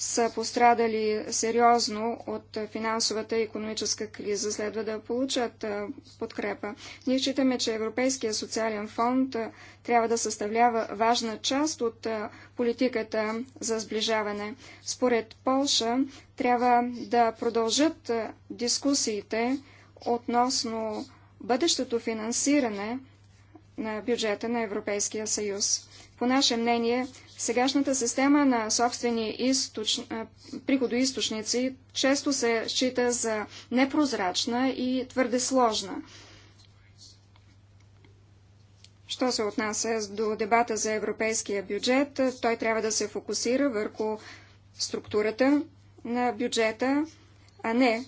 са пострадали сериозно от финансовата и економическа криза, следва да получат подкрепа. Ние считаме, че Европейския социален фонд трябва да съставлява важна част от политиката за сближаване. Според Полша трябва да продължат дискусиите относно бъдещото финансиране на бюджета на Европейския съюз. По наше мнение, Сегашната система на собствени източ... приходоисточници често се счита за непрозрачна и твърде сложна. Що се отнася до дебата за европейския бюджет, той трябва да се фокусира върху структурата на бюджета, а не,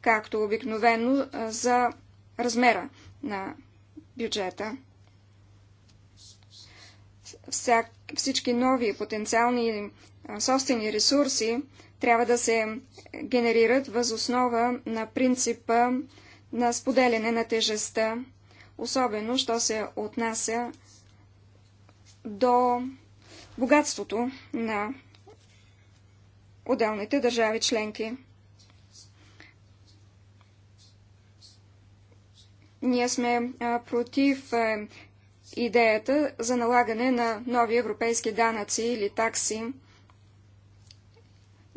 както обикновено, за размера на бюджета всички нови потенциални собствени ресурси трябва да се генерират възоснова на принципа на споделяне на тежестта, особено, що се отнася до богатството на отделните държави членки. Ние сме а, против а, идеята за налагане на нови европейски данъци или такси.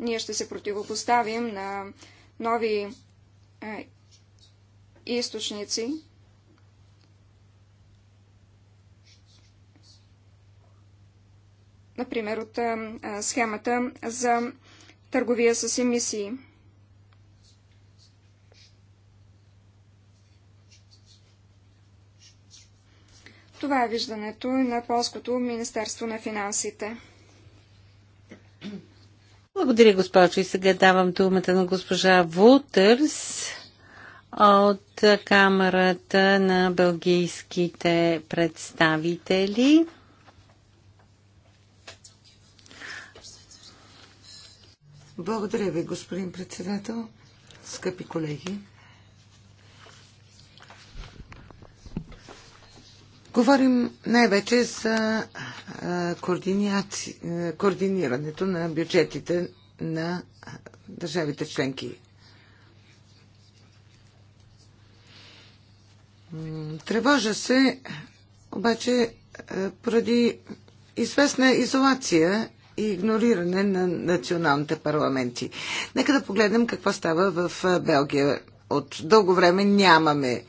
Ние ще се противопоставим на нови е, източници. Например, от е, е схемата за търговия с емисии. Това е виждането на Полското Министерство на финансите. Благодаря, госпожо. И сега давам думата на госпожа Вутърс от Камерата на бългийските представители. Благодаря ви, господин председател, скъпи колеги. Говорим най-вече за координирането на бюджетите на държавите членки. Тревожа се обаче поради известна изолация и игнориране на националните парламенти. Нека да погледнем какво става в Белгия. От дълго време нямаме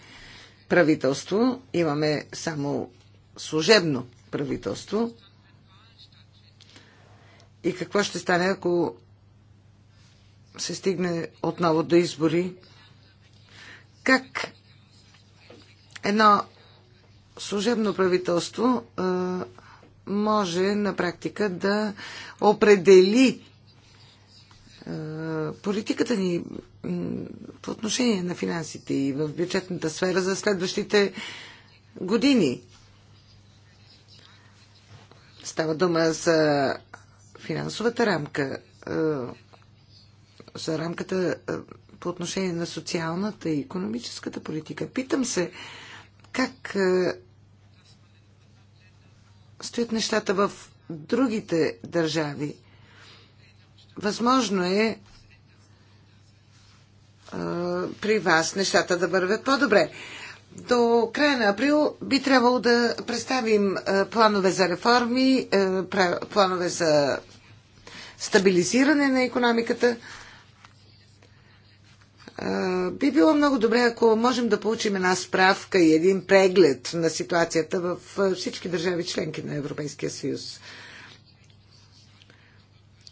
правителство, имаме само служебно правителство. И какво ще стане, ако се стигне отново до избори? Как едно служебно правителство може на практика да определи е, политиката ни по отношение на финансите и в бюджетната сфера за следващите години. Става дума за финансовата рамка, е, за рамката е, по отношение на социалната и економическата политика. Питам се как стоят нещата в другите държави Възможно е при вас нещата да вървят по-добре. До края на април би трябвало да представим планове за реформи, планове за стабилизиране на економиката. Би било много добре, ако можем да получим една справка и един преглед на ситуацията в всички държави членки на Европейския съюз.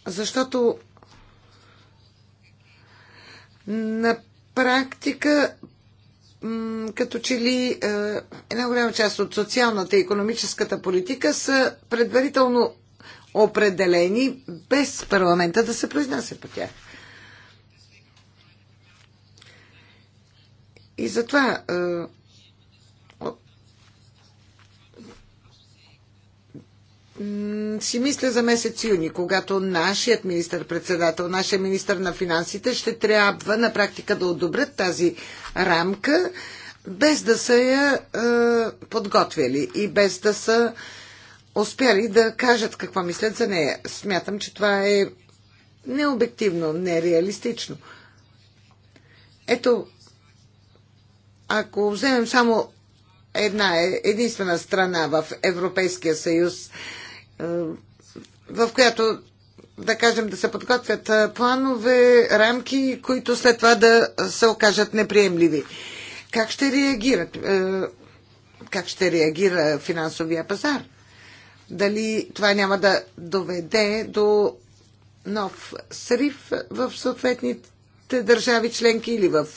Защото на практика като че ли е, една голяма част от социалната и економическата политика са предварително определени без парламента да се произнася по тях. И затова е, си мисля за месец юни, когато нашият министр-председател, нашия министр на финансите ще трябва на практика да одобрят тази рамка, без да са я е, подготвили и без да са успяли да кажат какво мислят за нея. Смятам, че това е необективно, нереалистично. Ето, ако вземем само една е, единствена страна в Европейския съюз, е, в която да кажем, да се подготвят е, планове, рамки, които след това да се окажат неприемливи. Как ще реагират? Е, как ще реагира финансовия пазар? Дали това няма да доведе до нов срив в съответните държави членки или в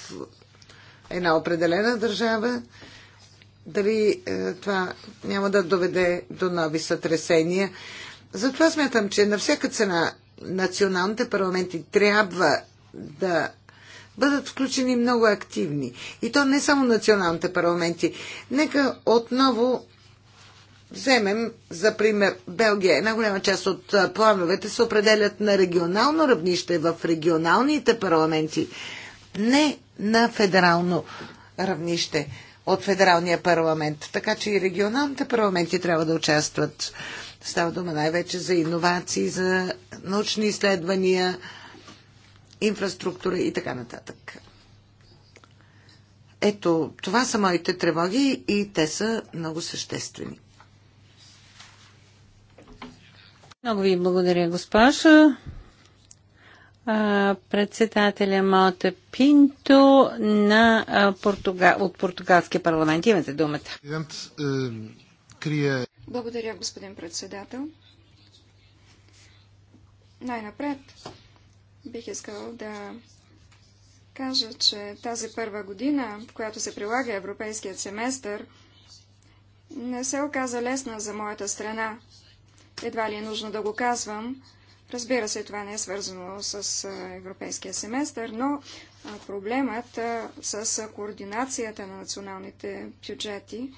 една определена държава? дали е, това няма да доведе до нови сътресения. Затова смятам, че на всяка цена националните парламенти трябва да бъдат включени много активни. И то не само националните парламенти. Нека отново вземем за пример Белгия. Една голяма част от плановете се определят на регионално равнище в регионалните парламенти, не на федерално равнище от федералния парламент. Така че и регионалните парламенти трябва да участват. Става дума най-вече за иновации, за научни изследвания, инфраструктура и така нататък. Ето, това са моите тревоги и те са много съществени. Много ви благодаря, госпожа председателя Мота Пинто на, Португа... от португалския парламент. Имате думата. Е, Благодаря, господин председател. Най-напред бих искал да кажа, че тази първа година, в която се прилага европейският семестър, не се оказа лесна за моята страна. Едва ли е нужно да го казвам, Разбира се, това не е свързано с европейския семестър, но проблемът с координацията на националните бюджети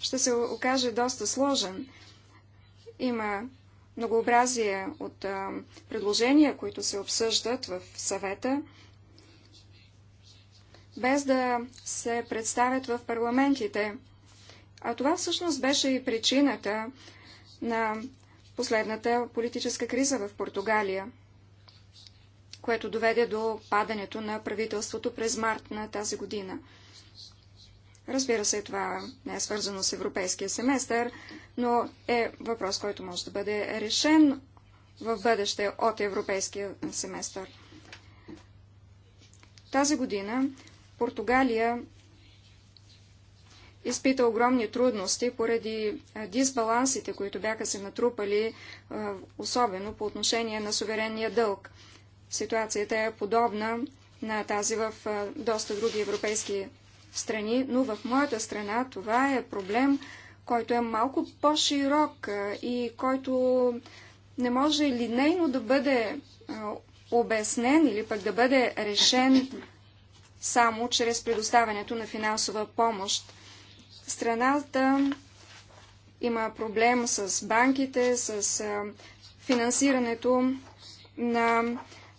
ще се окаже доста сложен. Има многообразие от предложения, които се обсъждат в съвета, без да се представят в парламентите. А това всъщност беше и причината на последната политическа криза в Португалия, което доведе до падането на правителството през март на тази година. Разбира се, това не е свързано с европейския семестър, но е въпрос, който може да бъде решен в бъдеще от европейския семестър. Тази година Португалия изпита огромни трудности поради дисбалансите, които бяха се натрупали, особено по отношение на суверенния дълг. Ситуацията е подобна на тази в доста други европейски страни, но в моята страна това е проблем, който е малко по-широк и който не може линейно да бъде обяснен или пък да бъде решен само чрез предоставянето на финансова помощ. Страната има проблем с банките, с финансирането на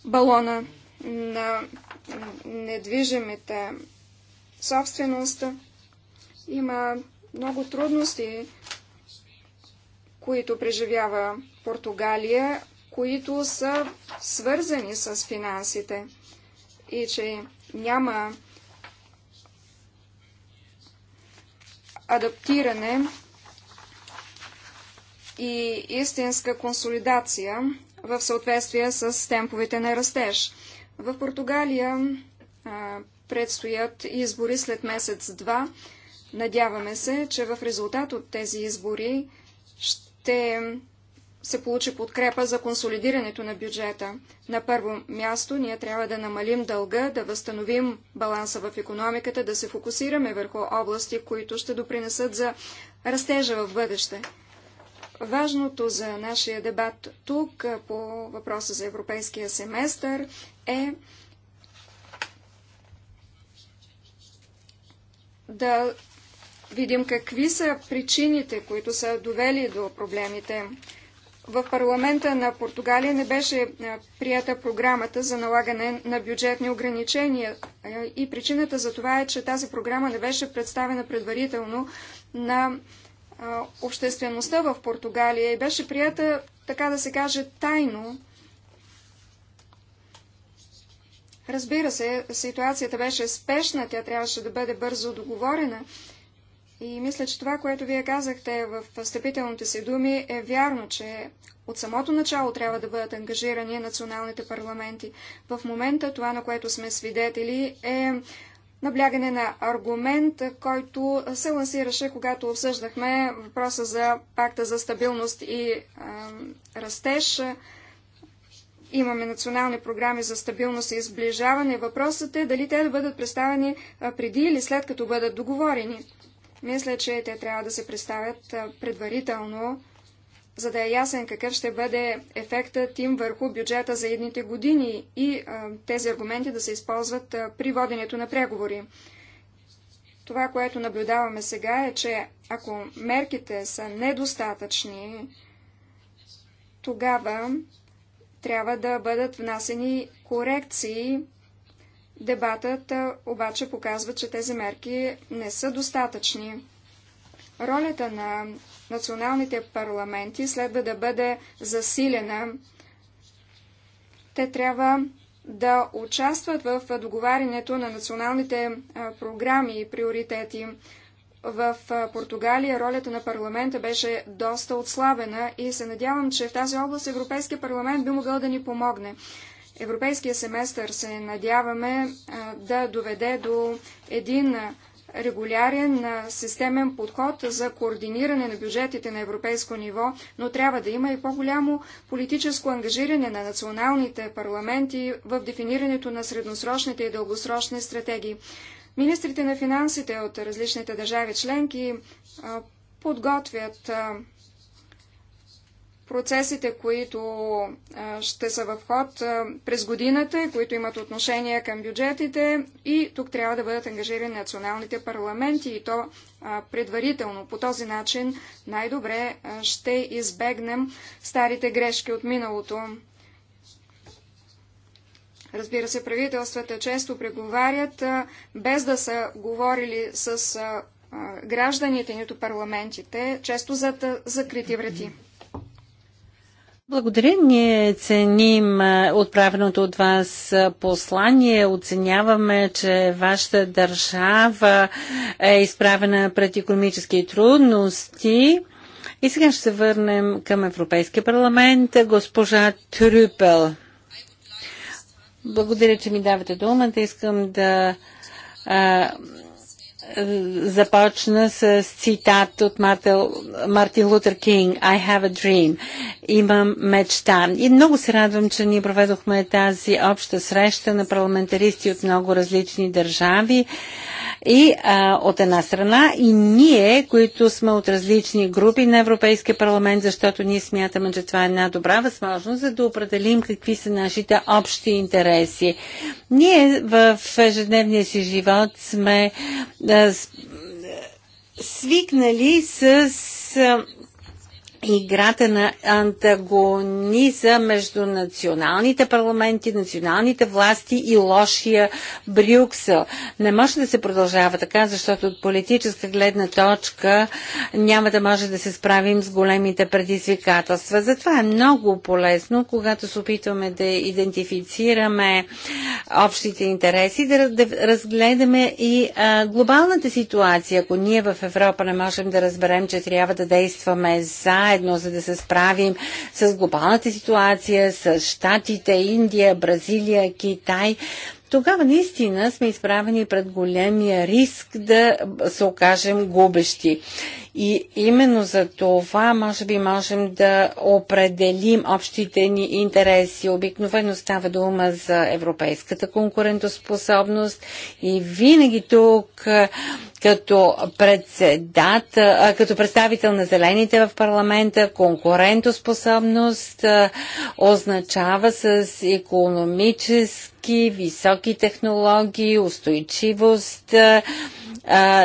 балона на недвижимите собственост. Има много трудности, които преживява Португалия, които са свързани с финансите и че няма адаптиране и истинска консолидация в съответствие с темповете на растеж. В Португалия предстоят избори след месец-два. Надяваме се, че в резултат от тези избори ще се получи подкрепа за консолидирането на бюджета. На първо място ние трябва да намалим дълга, да възстановим баланса в економиката, да се фокусираме върху области, които ще допринесат за растежа в бъдеще. Важното за нашия дебат тук по въпроса за европейския семестър е да видим какви са причините, които са довели до проблемите в парламента на Португалия не беше е, прията програмата за налагане на бюджетни ограничения е, и причината за това е, че тази програма не беше представена предварително на е, обществеността в Португалия и беше прията, така да се каже, тайно. Разбира се, ситуацията беше спешна, тя трябваше да бъде бързо договорена и мисля, че това, което вие казахте в встъпителните си думи, е вярно, че от самото начало трябва да бъдат ангажирани националните парламенти. В момента това, на което сме свидетели, е наблягане на аргумент, който се лансираше, когато обсъждахме въпроса за пакта за стабилност и е, растеж. Имаме национални програми за стабилност и изближаване. Въпросът е дали те да бъдат представени преди или след като бъдат договорени. Мисля, че те трябва да се представят предварително, за да е ясен какъв ще бъде ефектът им върху бюджета за едните години и тези аргументи да се използват при воденето на преговори. Това, което наблюдаваме сега е, че ако мерките са недостатъчни, тогава трябва да бъдат внасени корекции Дебатът обаче показва, че тези мерки не са достатъчни. Ролята на националните парламенти следва да бъде засилена. Те трябва да участват в договарянето на националните програми и приоритети. В Португалия ролята на парламента беше доста отслабена и се надявам, че в тази област Европейския парламент би могъл да ни помогне. Европейския семестър се надяваме да доведе до един регулярен системен подход за координиране на бюджетите на европейско ниво, но трябва да има и по-голямо политическо ангажиране на националните парламенти в дефинирането на средносрочните и дългосрочни стратегии. Министрите на финансите от различните държави членки подготвят процесите, които ще са в ход през годината, и които имат отношение към бюджетите и тук трябва да бъдат ангажирани националните парламенти и то предварително. По този начин най-добре ще избегнем старите грешки от миналото. Разбира се, правителствата често преговарят без да са говорили с гражданите, нито парламентите, често зад закрити врати. Благодаря. Ние ценим е, отправеното от вас е, послание. Оценяваме, че вашата държава е изправена пред економически трудности. И сега ще се върнем към Европейския парламент. Госпожа Трюпел. Благодаря, че ми давате думата. Искам да а, е, започна с цитат от Мартин Лутер Кинг I have a dream. Имам мечта. И много се радвам, че ние проведохме тази обща среща на парламентаристи от много различни държави и а, от една страна и ние, които сме от различни групи на Европейския парламент, защото ние смятаме, че това е една добра възможност, за да определим какви са нашите общи интереси. Ние в ежедневния си живот сме а, свикнали с а, играта на антагониза между националните парламенти, националните власти и лошия Брюксел. Не може да се продължава така, защото от политическа гледна точка няма да може да се справим с големите предизвикателства. Затова е много полезно, когато се опитваме да идентифицираме общите интереси, да, да разгледаме и а, глобалната ситуация. Ако ние в Европа не можем да разберем, че трябва да действаме за заедно, за да се справим с глобалната ситуация, с Штатите, Индия, Бразилия, Китай тогава наистина сме изправени пред големия риск да се окажем губещи. И именно за това, може би, можем да определим общите ни интереси. Обикновено става дума за европейската конкурентоспособност и винаги тук като, председател, като представител на зелените в парламента, конкурентоспособност означава с економически връзки, високи технологии, устойчивост,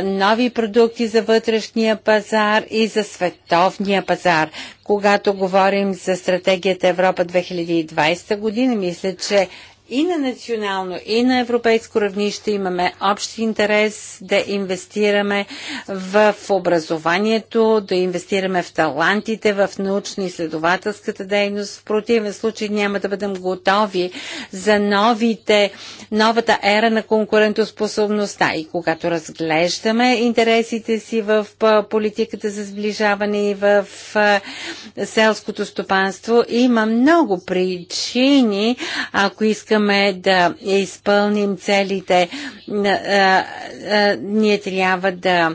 нови продукти за вътрешния пазар и за световния пазар. Когато говорим за стратегията Европа 2020 година, мисля, че и на национално, и на европейско равнище имаме общ интерес да инвестираме в образованието, да инвестираме в талантите, в научно-изследователската дейност. В противен случай няма да бъдем готови за новите, новата ера на конкурентоспособността. И когато разглеждаме интересите си в политиката за сближаване и в селското стопанство, има много причини, ако искаме искаме да изпълним целите, ние трябва да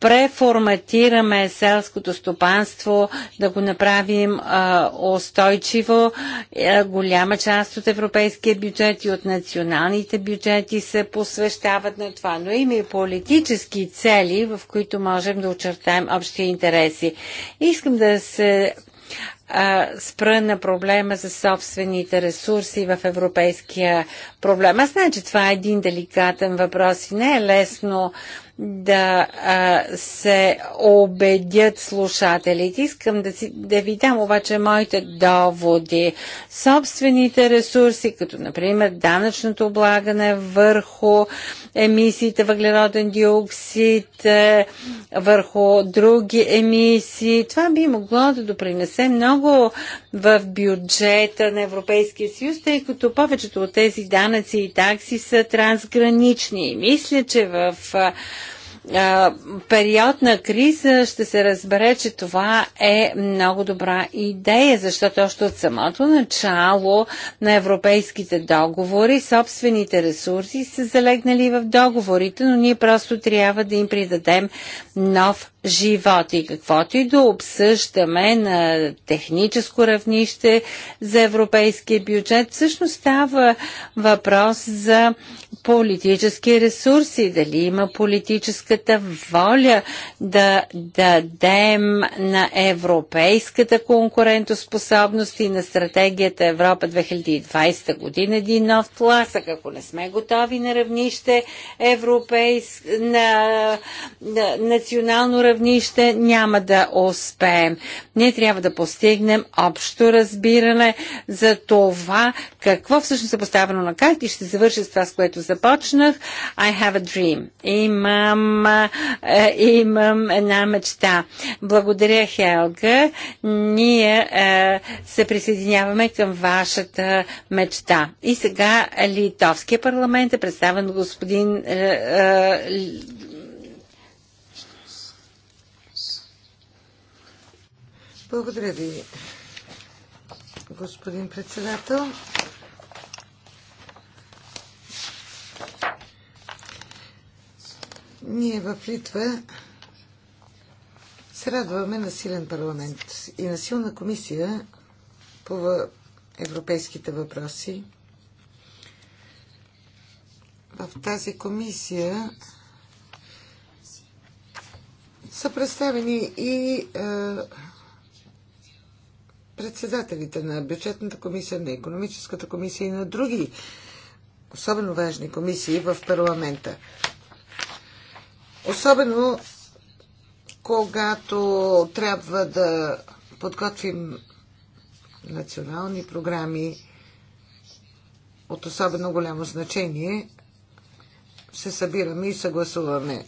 преформатираме селското стопанство, да го направим а, устойчиво. А, е, голяма част от европейския бюджет и от националните бюджети се посвещават на това, но има и политически цели, в които можем да очертаем общи интереси. Искам да се спра на проблема за собствените ресурси в европейския проблем. Аз знам, че това е един деликатен въпрос и не е лесно да а, се убедят слушателите. Искам да, си, да ви дам обаче моите доводи. Собствените ресурси, като например данъчното облагане върху емисиите въглероден диоксид, е, върху други емисии, това би могло да допринесе много в бюджета на Европейския съюз, тъй като повечето от тези данъци и такси са трансгранични. мисля, че в период на криза ще се разбере, че това е много добра идея, защото още от самото начало на европейските договори собствените ресурси са залегнали в договорите, но ние просто трябва да им придадем нов животи, каквото и да обсъждаме на техническо равнище за европейския бюджет, всъщност става въпрос за политически ресурси, дали има политическата воля да дадем на европейската конкурентоспособност и на стратегията Европа 2020 година един нов тласък, ако не сме готови на равнище европейск, на, на национално равнище, равнище няма да успеем. Ние трябва да постигнем общо разбиране за това какво всъщност е поставено на карта и ще завърша с това, с което започнах. I have a dream. Имам, е, имам една мечта. Благодаря, Хелга. Ние е, се присъединяваме към вашата мечта. И сега Литовския парламент е представен господин е, е, Благодаря ви, господин председател. Ние в Литва се радваме на силен парламент и на силна комисия по европейските въпроси. В тази комисия са представени и е, председателите на бюджетната комисия, на економическата комисия и на други особено важни комисии в парламента. Особено когато трябва да подготвим национални програми от особено голямо значение, се събираме и съгласуваме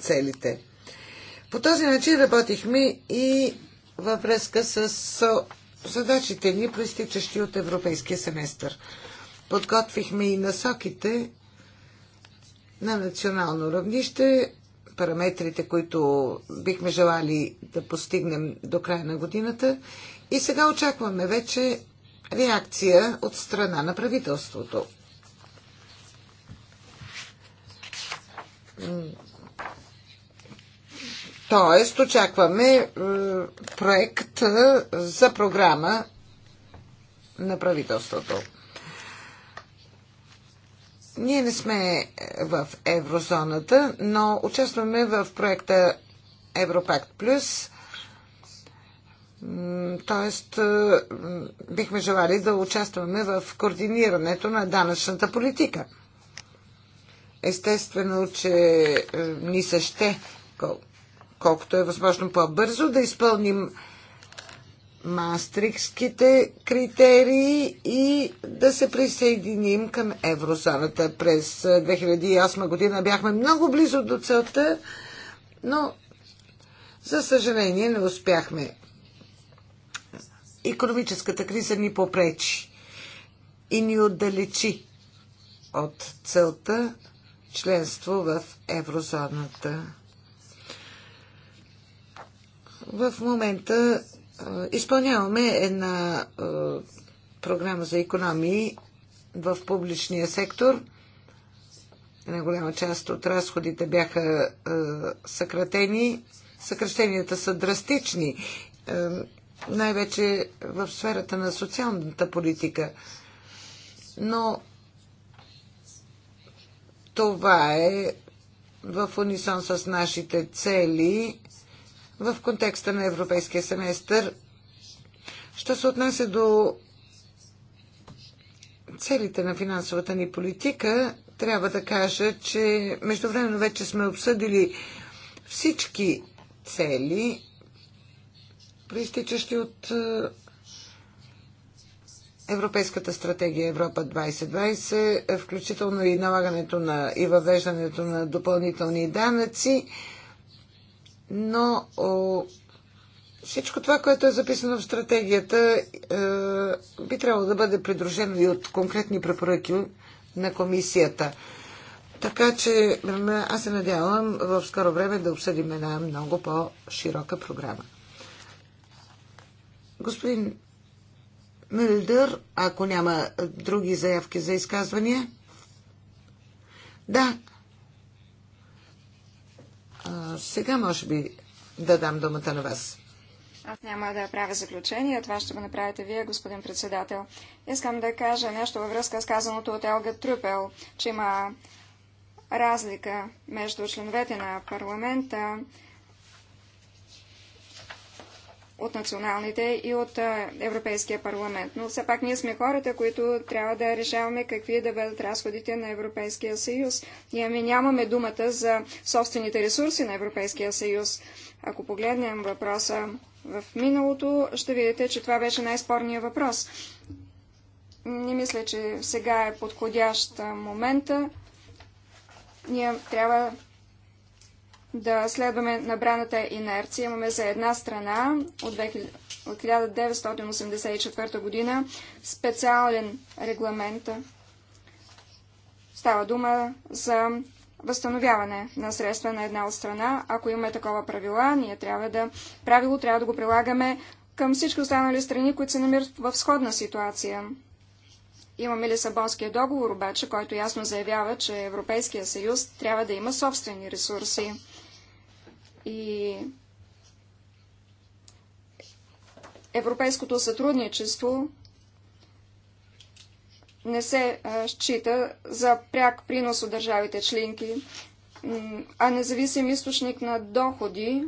целите. По този начин работихме и във връзка с задачите ни, проистичащи от европейския семестър. Подготвихме и насоките на национално равнище, параметрите, които бихме желали да постигнем до края на годината. И сега очакваме вече реакция от страна на правителството Тоест, очакваме проект за програма на правителството. Ние не сме в еврозоната, но участваме в проекта Европакт Плюс. Тоест, бихме желали да участваме в координирането на данъчната политика. Естествено, че е, ни се ще колкото е възможно по-бързо да изпълним мастрикските критерии и да се присъединим към еврозоната. През 2008 година бяхме много близо до целта, но за съжаление не успяхме. Економическата криза ни попречи и ни отдалечи от целта членство в еврозоната. В момента изпълняваме една програма за економии в публичния сектор. Една голяма част от разходите бяха съкратени. съкрещенията са драстични, най-вече в сферата на социалната политика. Но това е в унисон с нашите цели в контекста на европейския семестър. Що се отнася до целите на финансовата ни политика, трябва да кажа, че междувременно вече сме обсъдили всички цели, проистичащи от е, Европейската стратегия Европа 2020, включително и налагането на и въвеждането на допълнителни данъци но о, всичко това, което е записано в стратегията, е, би трябвало да бъде придружено и от конкретни препоръки на комисията. Така че аз се надявам в скоро време да обсъдим една много по-широка програма. Господин Мелдър, ако няма други заявки за изказвания. Да, сега може би да дам думата на вас. Аз няма да правя заключение, това ще го направите вие, господин председател. Искам да кажа нещо във връзка с казаното от Елга Трюпел, че има разлика между членовете на парламента, от националните и от Европейския парламент. Но все пак ние сме хората, които трябва да решаваме какви да бъдат разходите на Европейския съюз. Ние ми нямаме думата за собствените ресурси на Европейския съюз. Ако погледнем въпроса в миналото, ще видите, че това беше най-спорният въпрос. Не мисля, че сега е подходящ момента. Ние трябва да следваме набраната инерция. Имаме за една страна от 1984 година специален регламент. Става дума за възстановяване на средства на една от страна. Ако имаме такова правила, ние трябва да, правило трябва да го прилагаме към всички останали страни, които се намират в сходна ситуация. Имаме Лисабонския договор, обаче, който ясно заявява, че Европейския съюз трябва да има собствени ресурси и европейското сътрудничество не се счита за пряк принос от държавите членки, а независим източник на доходи.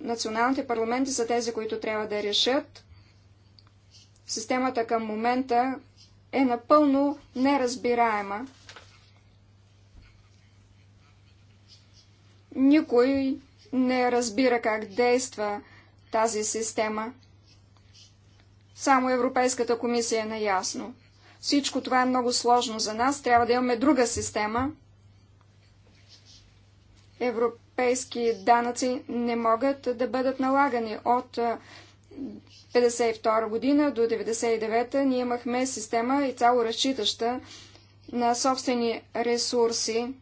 Националните парламенти са тези, които трябва да решат. Системата към момента е напълно неразбираема. Никой не разбира как действа тази система. Само Европейската комисия е наясно. Всичко това е много сложно за нас. Трябва да имаме друга система. Европейски данъци не могат да бъдат налагани. От 1952 година до 1999 ние имахме система и цяло разчитаща на собствени ресурси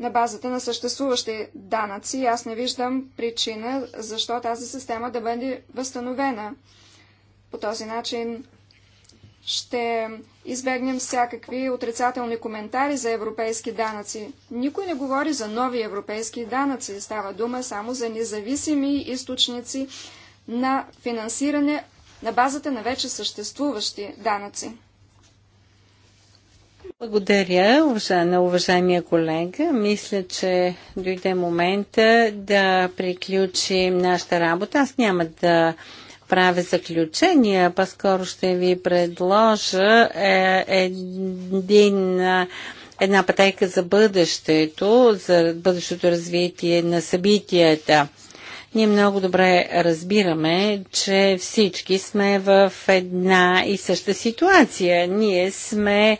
на базата на съществуващи данъци. Аз не виждам причина защо тази система да бъде възстановена. По този начин ще избегнем всякакви отрицателни коментари за европейски данъци. Никой не говори за нови европейски данъци. Става дума само за независими източници на финансиране на базата на вече съществуващи данъци. Благодаря, уважаема, уважаемия колега. Мисля, че дойде момента да приключим нашата работа. Аз няма да правя заключения, по-скоро ще ви предложа е, един една пътека за бъдещето, за бъдещото развитие на събитията. Ние много добре разбираме, че всички сме в една и съща ситуация. Ние сме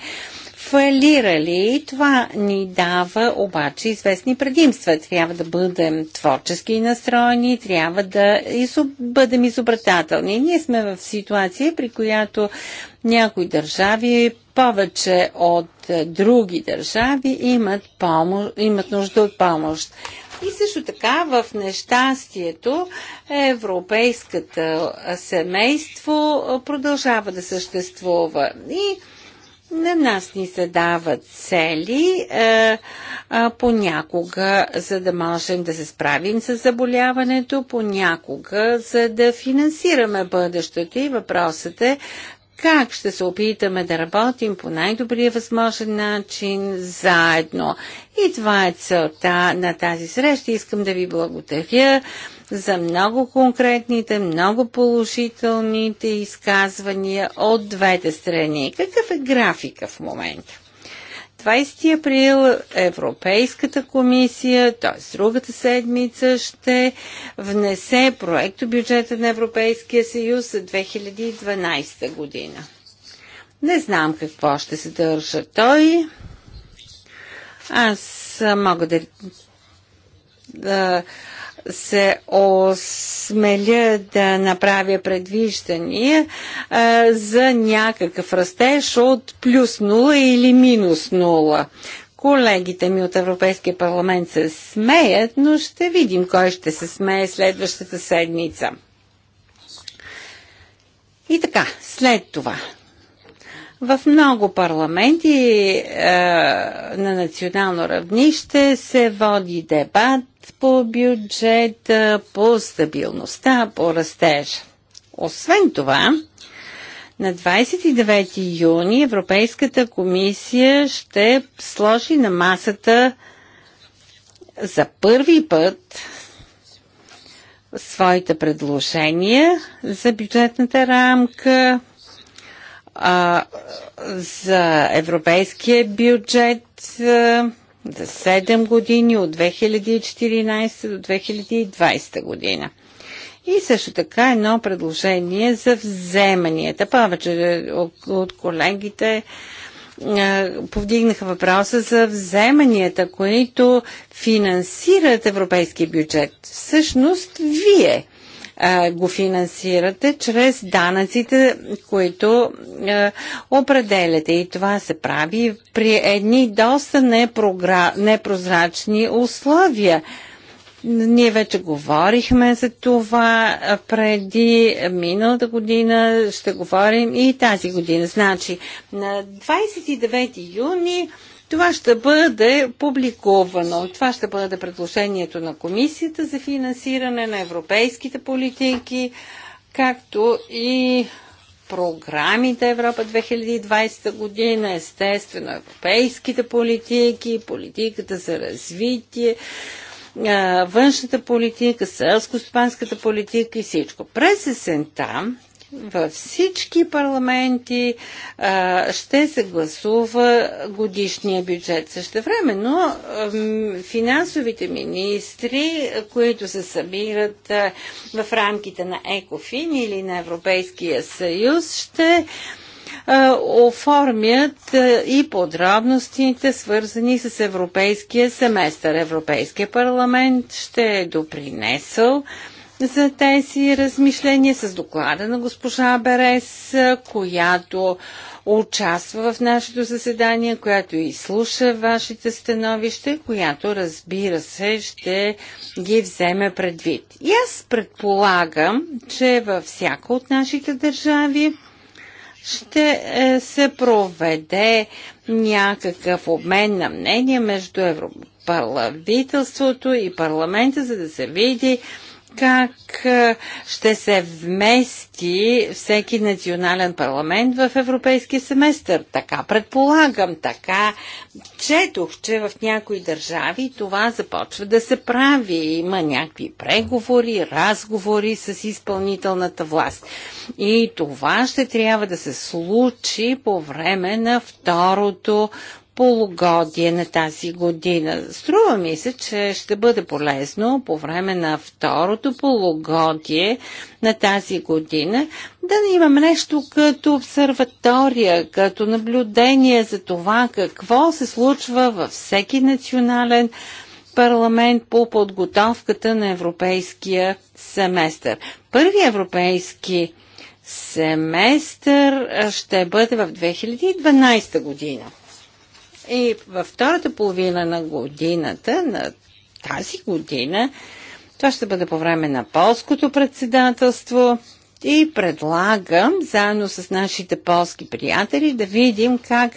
фалирали. Това ни дава обаче известни предимства. Трябва да бъдем творчески настроени, трябва да изоб... бъдем изобретателни. Ние сме в ситуация, при която някои държави повече от е, други държави имат, помощ, имат нужда от помощ. И също така в нещастието европейската семейство продължава да съществува. И на нас ни се дават цели а, е, а, е, понякога, за да можем да се справим с заболяването, понякога, за да финансираме бъдещето. И въпросът е как ще се опитаме да работим по най-добрия възможен начин заедно. И това е целта на тази среща. Искам да ви благодаря за много конкретните, много положителните изказвания от двете страни. Какъв е графика в момента? 20 април Европейската комисия, т.е. другата седмица, ще внесе проекто бюджета на Европейския съюз за 2012 година. Не знам какво ще се държа той. Аз мога да, да се осмеля да направя предвиждания а, за някакъв растеж от плюс 0 или минус 0. Колегите ми от Европейския парламент се смеят, но ще видим кой ще се смее следващата седмица. И така, след това, в много парламенти е, на национално равнище се води дебат по бюджета, е, по стабилността, по растежа. Освен това, на 29 юни Европейската комисия ще сложи на масата за първи път своите предложения за бюджетната рамка а, за европейския бюджет за 7 години от 2014 до 2020 година. И също така едно предложение за вземанията. Повече от колегите повдигнаха въпроса за вземанията, които финансират европейския бюджет. Всъщност, вие го финансирате чрез данъците, които а, определяте. И това се прави при едни доста непрогра... непрозрачни условия. Ние вече говорихме за това преди миналата година, ще говорим и тази година. Значи, на 29 юни това ще бъде публиковано. Това ще бъде предложението на Комисията за финансиране на европейските политики, както и програмите Европа 2020 година, естествено европейските политики, политиката за развитие, външната политика, селско-стопанската политика и всичко. През есента във всички парламенти а, ще се гласува годишния бюджет. Същевременно финансовите министри, които се събират а, в рамките на ЕКОФИН или на Европейския съюз, ще а, оформят а, и подробностите, свързани с Европейския семестър. Европейския парламент ще е допринесъл а, за тези размишления с доклада на госпожа Берес, която участва в нашето заседание, която изслуша вашите становища, която разбира се ще ги вземе предвид. И аз предполагам, че във всяка от нашите държави ще е, се проведе някакъв обмен на мнение между Европа правителството и парламента, за да се види как ще се вмести всеки национален парламент в европейски семестър. Така предполагам, така четох, че в някои държави това започва да се прави. Има някакви преговори, разговори с изпълнителната власт. И това ще трябва да се случи по време на второто полугодие на тази година. Струва ми се, че ще бъде полезно по време на второто полугодие на тази година да имаме нещо като обсерватория, като наблюдение за това какво се случва във всеки национален парламент по подготовката на европейския семестър. Първи европейски семестър ще бъде в 2012 година. И във втората половина на годината, на тази година, това ще бъде по време на полското председателство и предлагам заедно с нашите полски приятели да видим как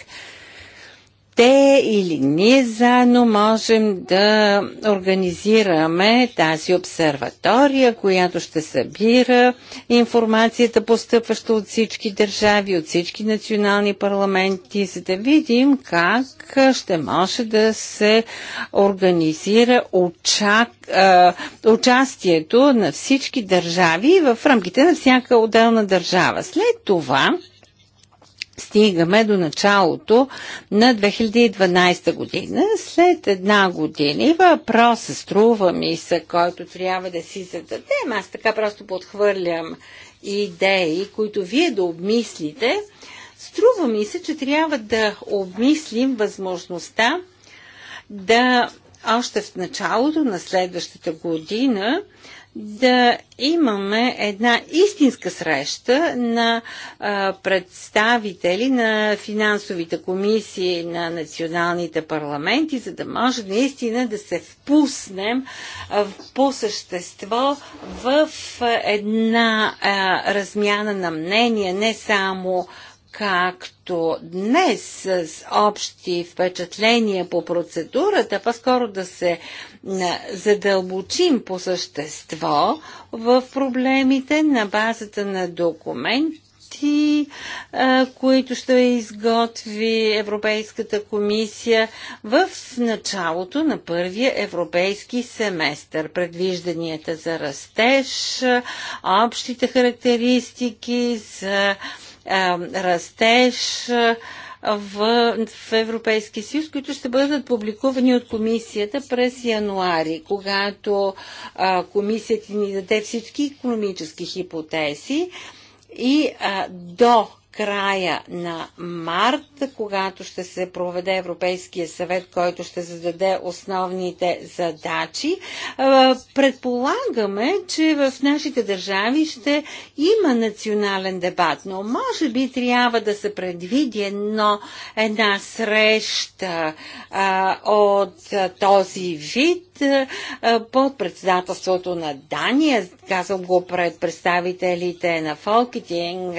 те или ние заедно можем да организираме тази обсерватория, която ще събира информацията, постъпваща от всички държави, от всички национални парламенти, за да видим как ще може да се организира очак, е, участието на всички държави в рамките на всяка отделна държава. След това стигаме до началото на 2012 година, след една година. И въпроса струва ми се, който трябва да си зададем. Аз така просто подхвърлям идеи, които вие да обмислите. Струва ми се, че трябва да обмислим възможността да още в началото на следващата година да имаме една истинска среща на а, представители на финансовите комисии на националните парламенти, за да може наистина да се впуснем по същество в една а, размяна на мнения, не само както днес с общи впечатления по процедурата, по-скоро да се задълбочим по същество в проблемите на базата на документи, които ще изготви Европейската комисия в началото на първия европейски семестър. Предвижданията за растеж, общите характеристики за растеж в, в Европейския съюз, които ще бъдат публикувани от комисията през януари, когато а, комисията ни даде всички економически хипотези и а, до края на март, когато ще се проведе Европейския съвет, който ще зададе основните задачи. Предполагаме, че в нашите държави ще има национален дебат, но може би трябва да се предвиди едно, една среща от този вид, под председателството на Дания. казал го пред представителите на Фолкетинг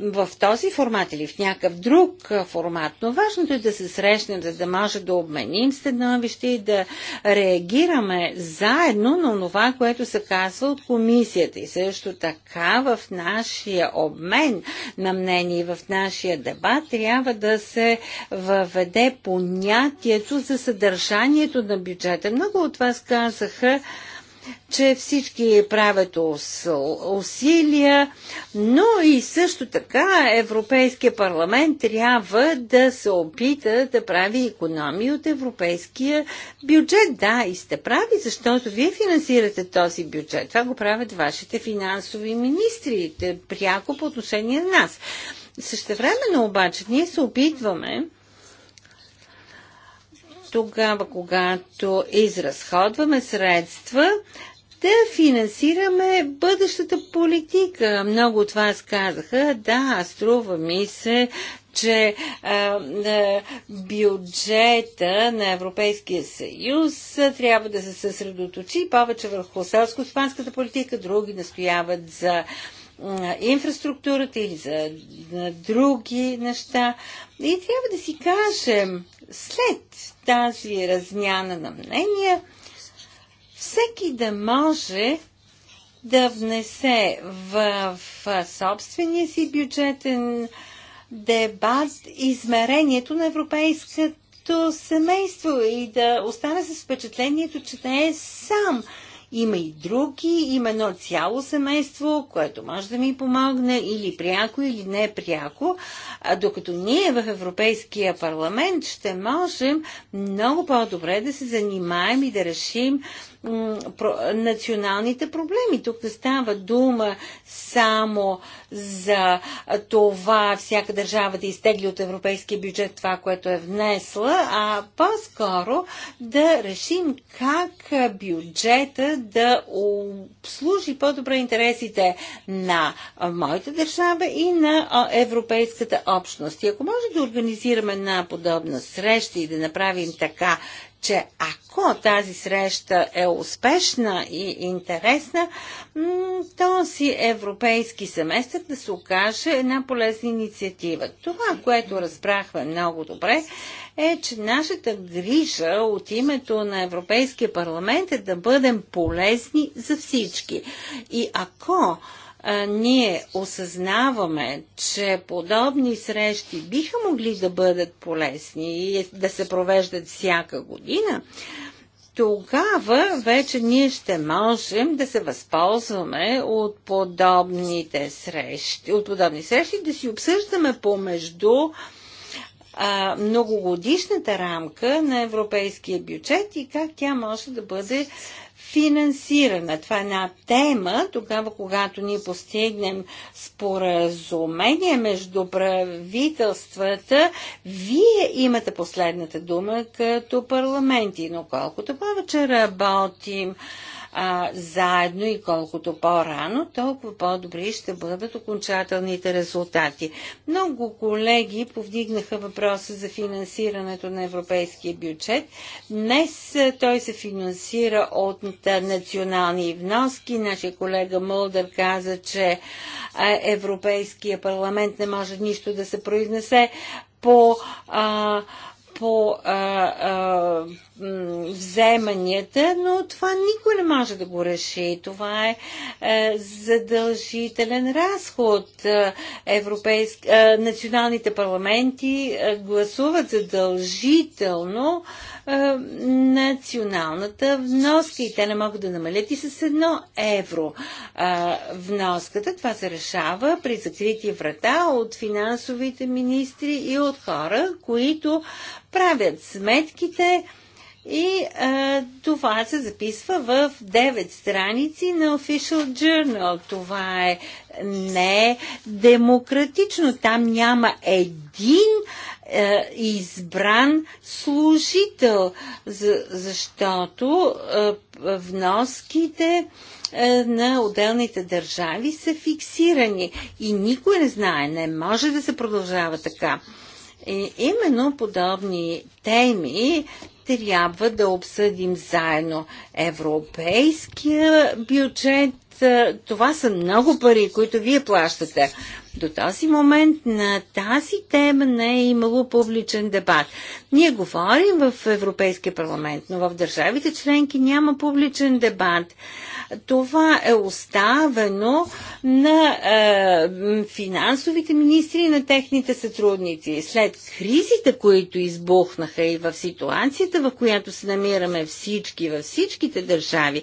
в този формат или в някакъв друг формат. Но важното е да се срещнем, за да може да обменим становище и да реагираме заедно на това, което се казва от комисията. И също така в нашия обмен на мнение и в нашия дебат трябва да се въведе понятието за съдържанието на бюджета. Много от от вас казаха, че всички правят усилия, но и също така Европейския парламент трябва да се опита да прави економии от европейския бюджет. Да, и сте прави, защото вие финансирате този бюджет. Това го правят вашите финансови министри, пряко по отношение на нас. Същевременно обаче ние се опитваме тогава, когато изразходваме средства, да финансираме бъдещата политика. Много от вас казаха, да, струва ми се, че а, а, бюджета на Европейския съюз трябва да се съсредоточи повече върху селско-спанската политика, други настояват за инфраструктурата или за други неща. И трябва да си кажем след тази размяна на мнения, всеки да може да внесе в, в собствения си бюджетен дебат измерението на европейското семейство и да остане с впечатлението, че не е сам има и други, има едно цяло семейство, което може да ми помогне или пряко, или не пряко, а докато ние в Европейския парламент ще можем много по-добре да се занимаем и да решим националните проблеми. Тук не става дума само за това всяка държава да изтегли от европейския бюджет това, което е внесла, а по-скоро да решим как бюджета да обслужи по-добре интересите на моята държава и на европейската общност. И ако може да организираме една подобна среща и да направим така, че ако тази среща е успешна и интересна, този европейски семестър да се окаже една полезна инициатива. Това, което разбрахме много добре, е, че нашата грижа от името на Европейския парламент е да бъдем полезни за всички. И ако ние осъзнаваме, че подобни срещи биха могли да бъдат полезни и е, да се провеждат всяка година, тогава вече ние ще можем да се възползваме от подобните срещи, от подобни срещи да си обсъждаме помежду а, многогодишната рамка на европейския бюджет и как тя може да бъде Финансирана. Това е една тема, тогава когато ние постигнем споразумение между правителствата, вие имате последната дума като парламенти, но колкото повече работим а, заедно и колкото по-рано, толкова по-добри ще бъдат окончателните резултати. Много колеги повдигнаха въпроса за финансирането на европейския бюджет. Днес той се финансира от национални вноски. Нашия колега Мълдър каза, че Европейския парламент не може нищо да се произнесе по а, по а, а, вземанията, но това никой не може да го реши. Това е а, е, задължителен разход. Е, европейск... А, е, националните парламенти а, гласуват задължително а, националната вноска и те не могат да намалят и с едно евро а, вноската. Това се решава при закрити врата от финансовите министри и от хора, които правят сметките и а, това се записва в 9 страници на Official Journal. Това е не демократично. Там няма един а, е, избран служител, защото е, вноските е, на отделните държави са фиксирани и никой не знае, не може да се продължава така. И именно подобни теми трябва да обсъдим заедно. Европейския бюджет, е, това са много пари, които вие плащате. До този момент на тази тема не е имало публичен дебат. Ние говорим в Европейския парламент, но в държавите членки няма публичен дебат. Това е оставено на е, финансовите министри и на техните сътрудници. След кризите, които избухнаха и в ситуацията, в която се намираме всички, във всичките държави,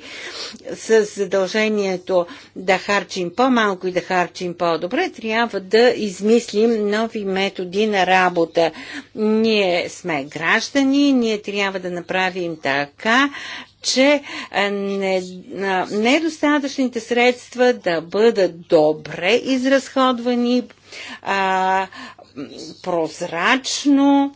с задължението да харчим по-малко и да харчим по-добре, трябва да измислим нови методи на работа. Ние сме граждани, ние трябва да направим така, че е, е, недостатъчните средства да бъдат добре изразходвани, а, е, прозрачно,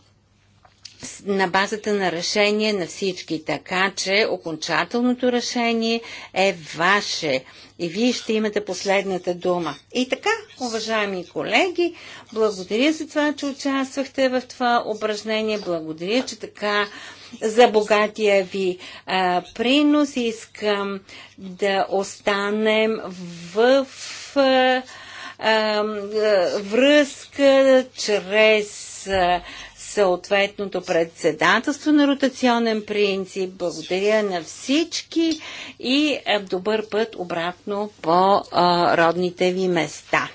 на базата на решение на всички. Така че окончателното решение е ваше и вие ще имате последната дума. И така, уважаеми колеги, благодаря за това, че участвахте в това упражнение. Благодаря, че така за богатия ви а, принос. Искам да останем в а, а, връзка чрез а, съответното председателство на ротационен принцип. Благодаря на всички и добър път обратно по а, родните ви места.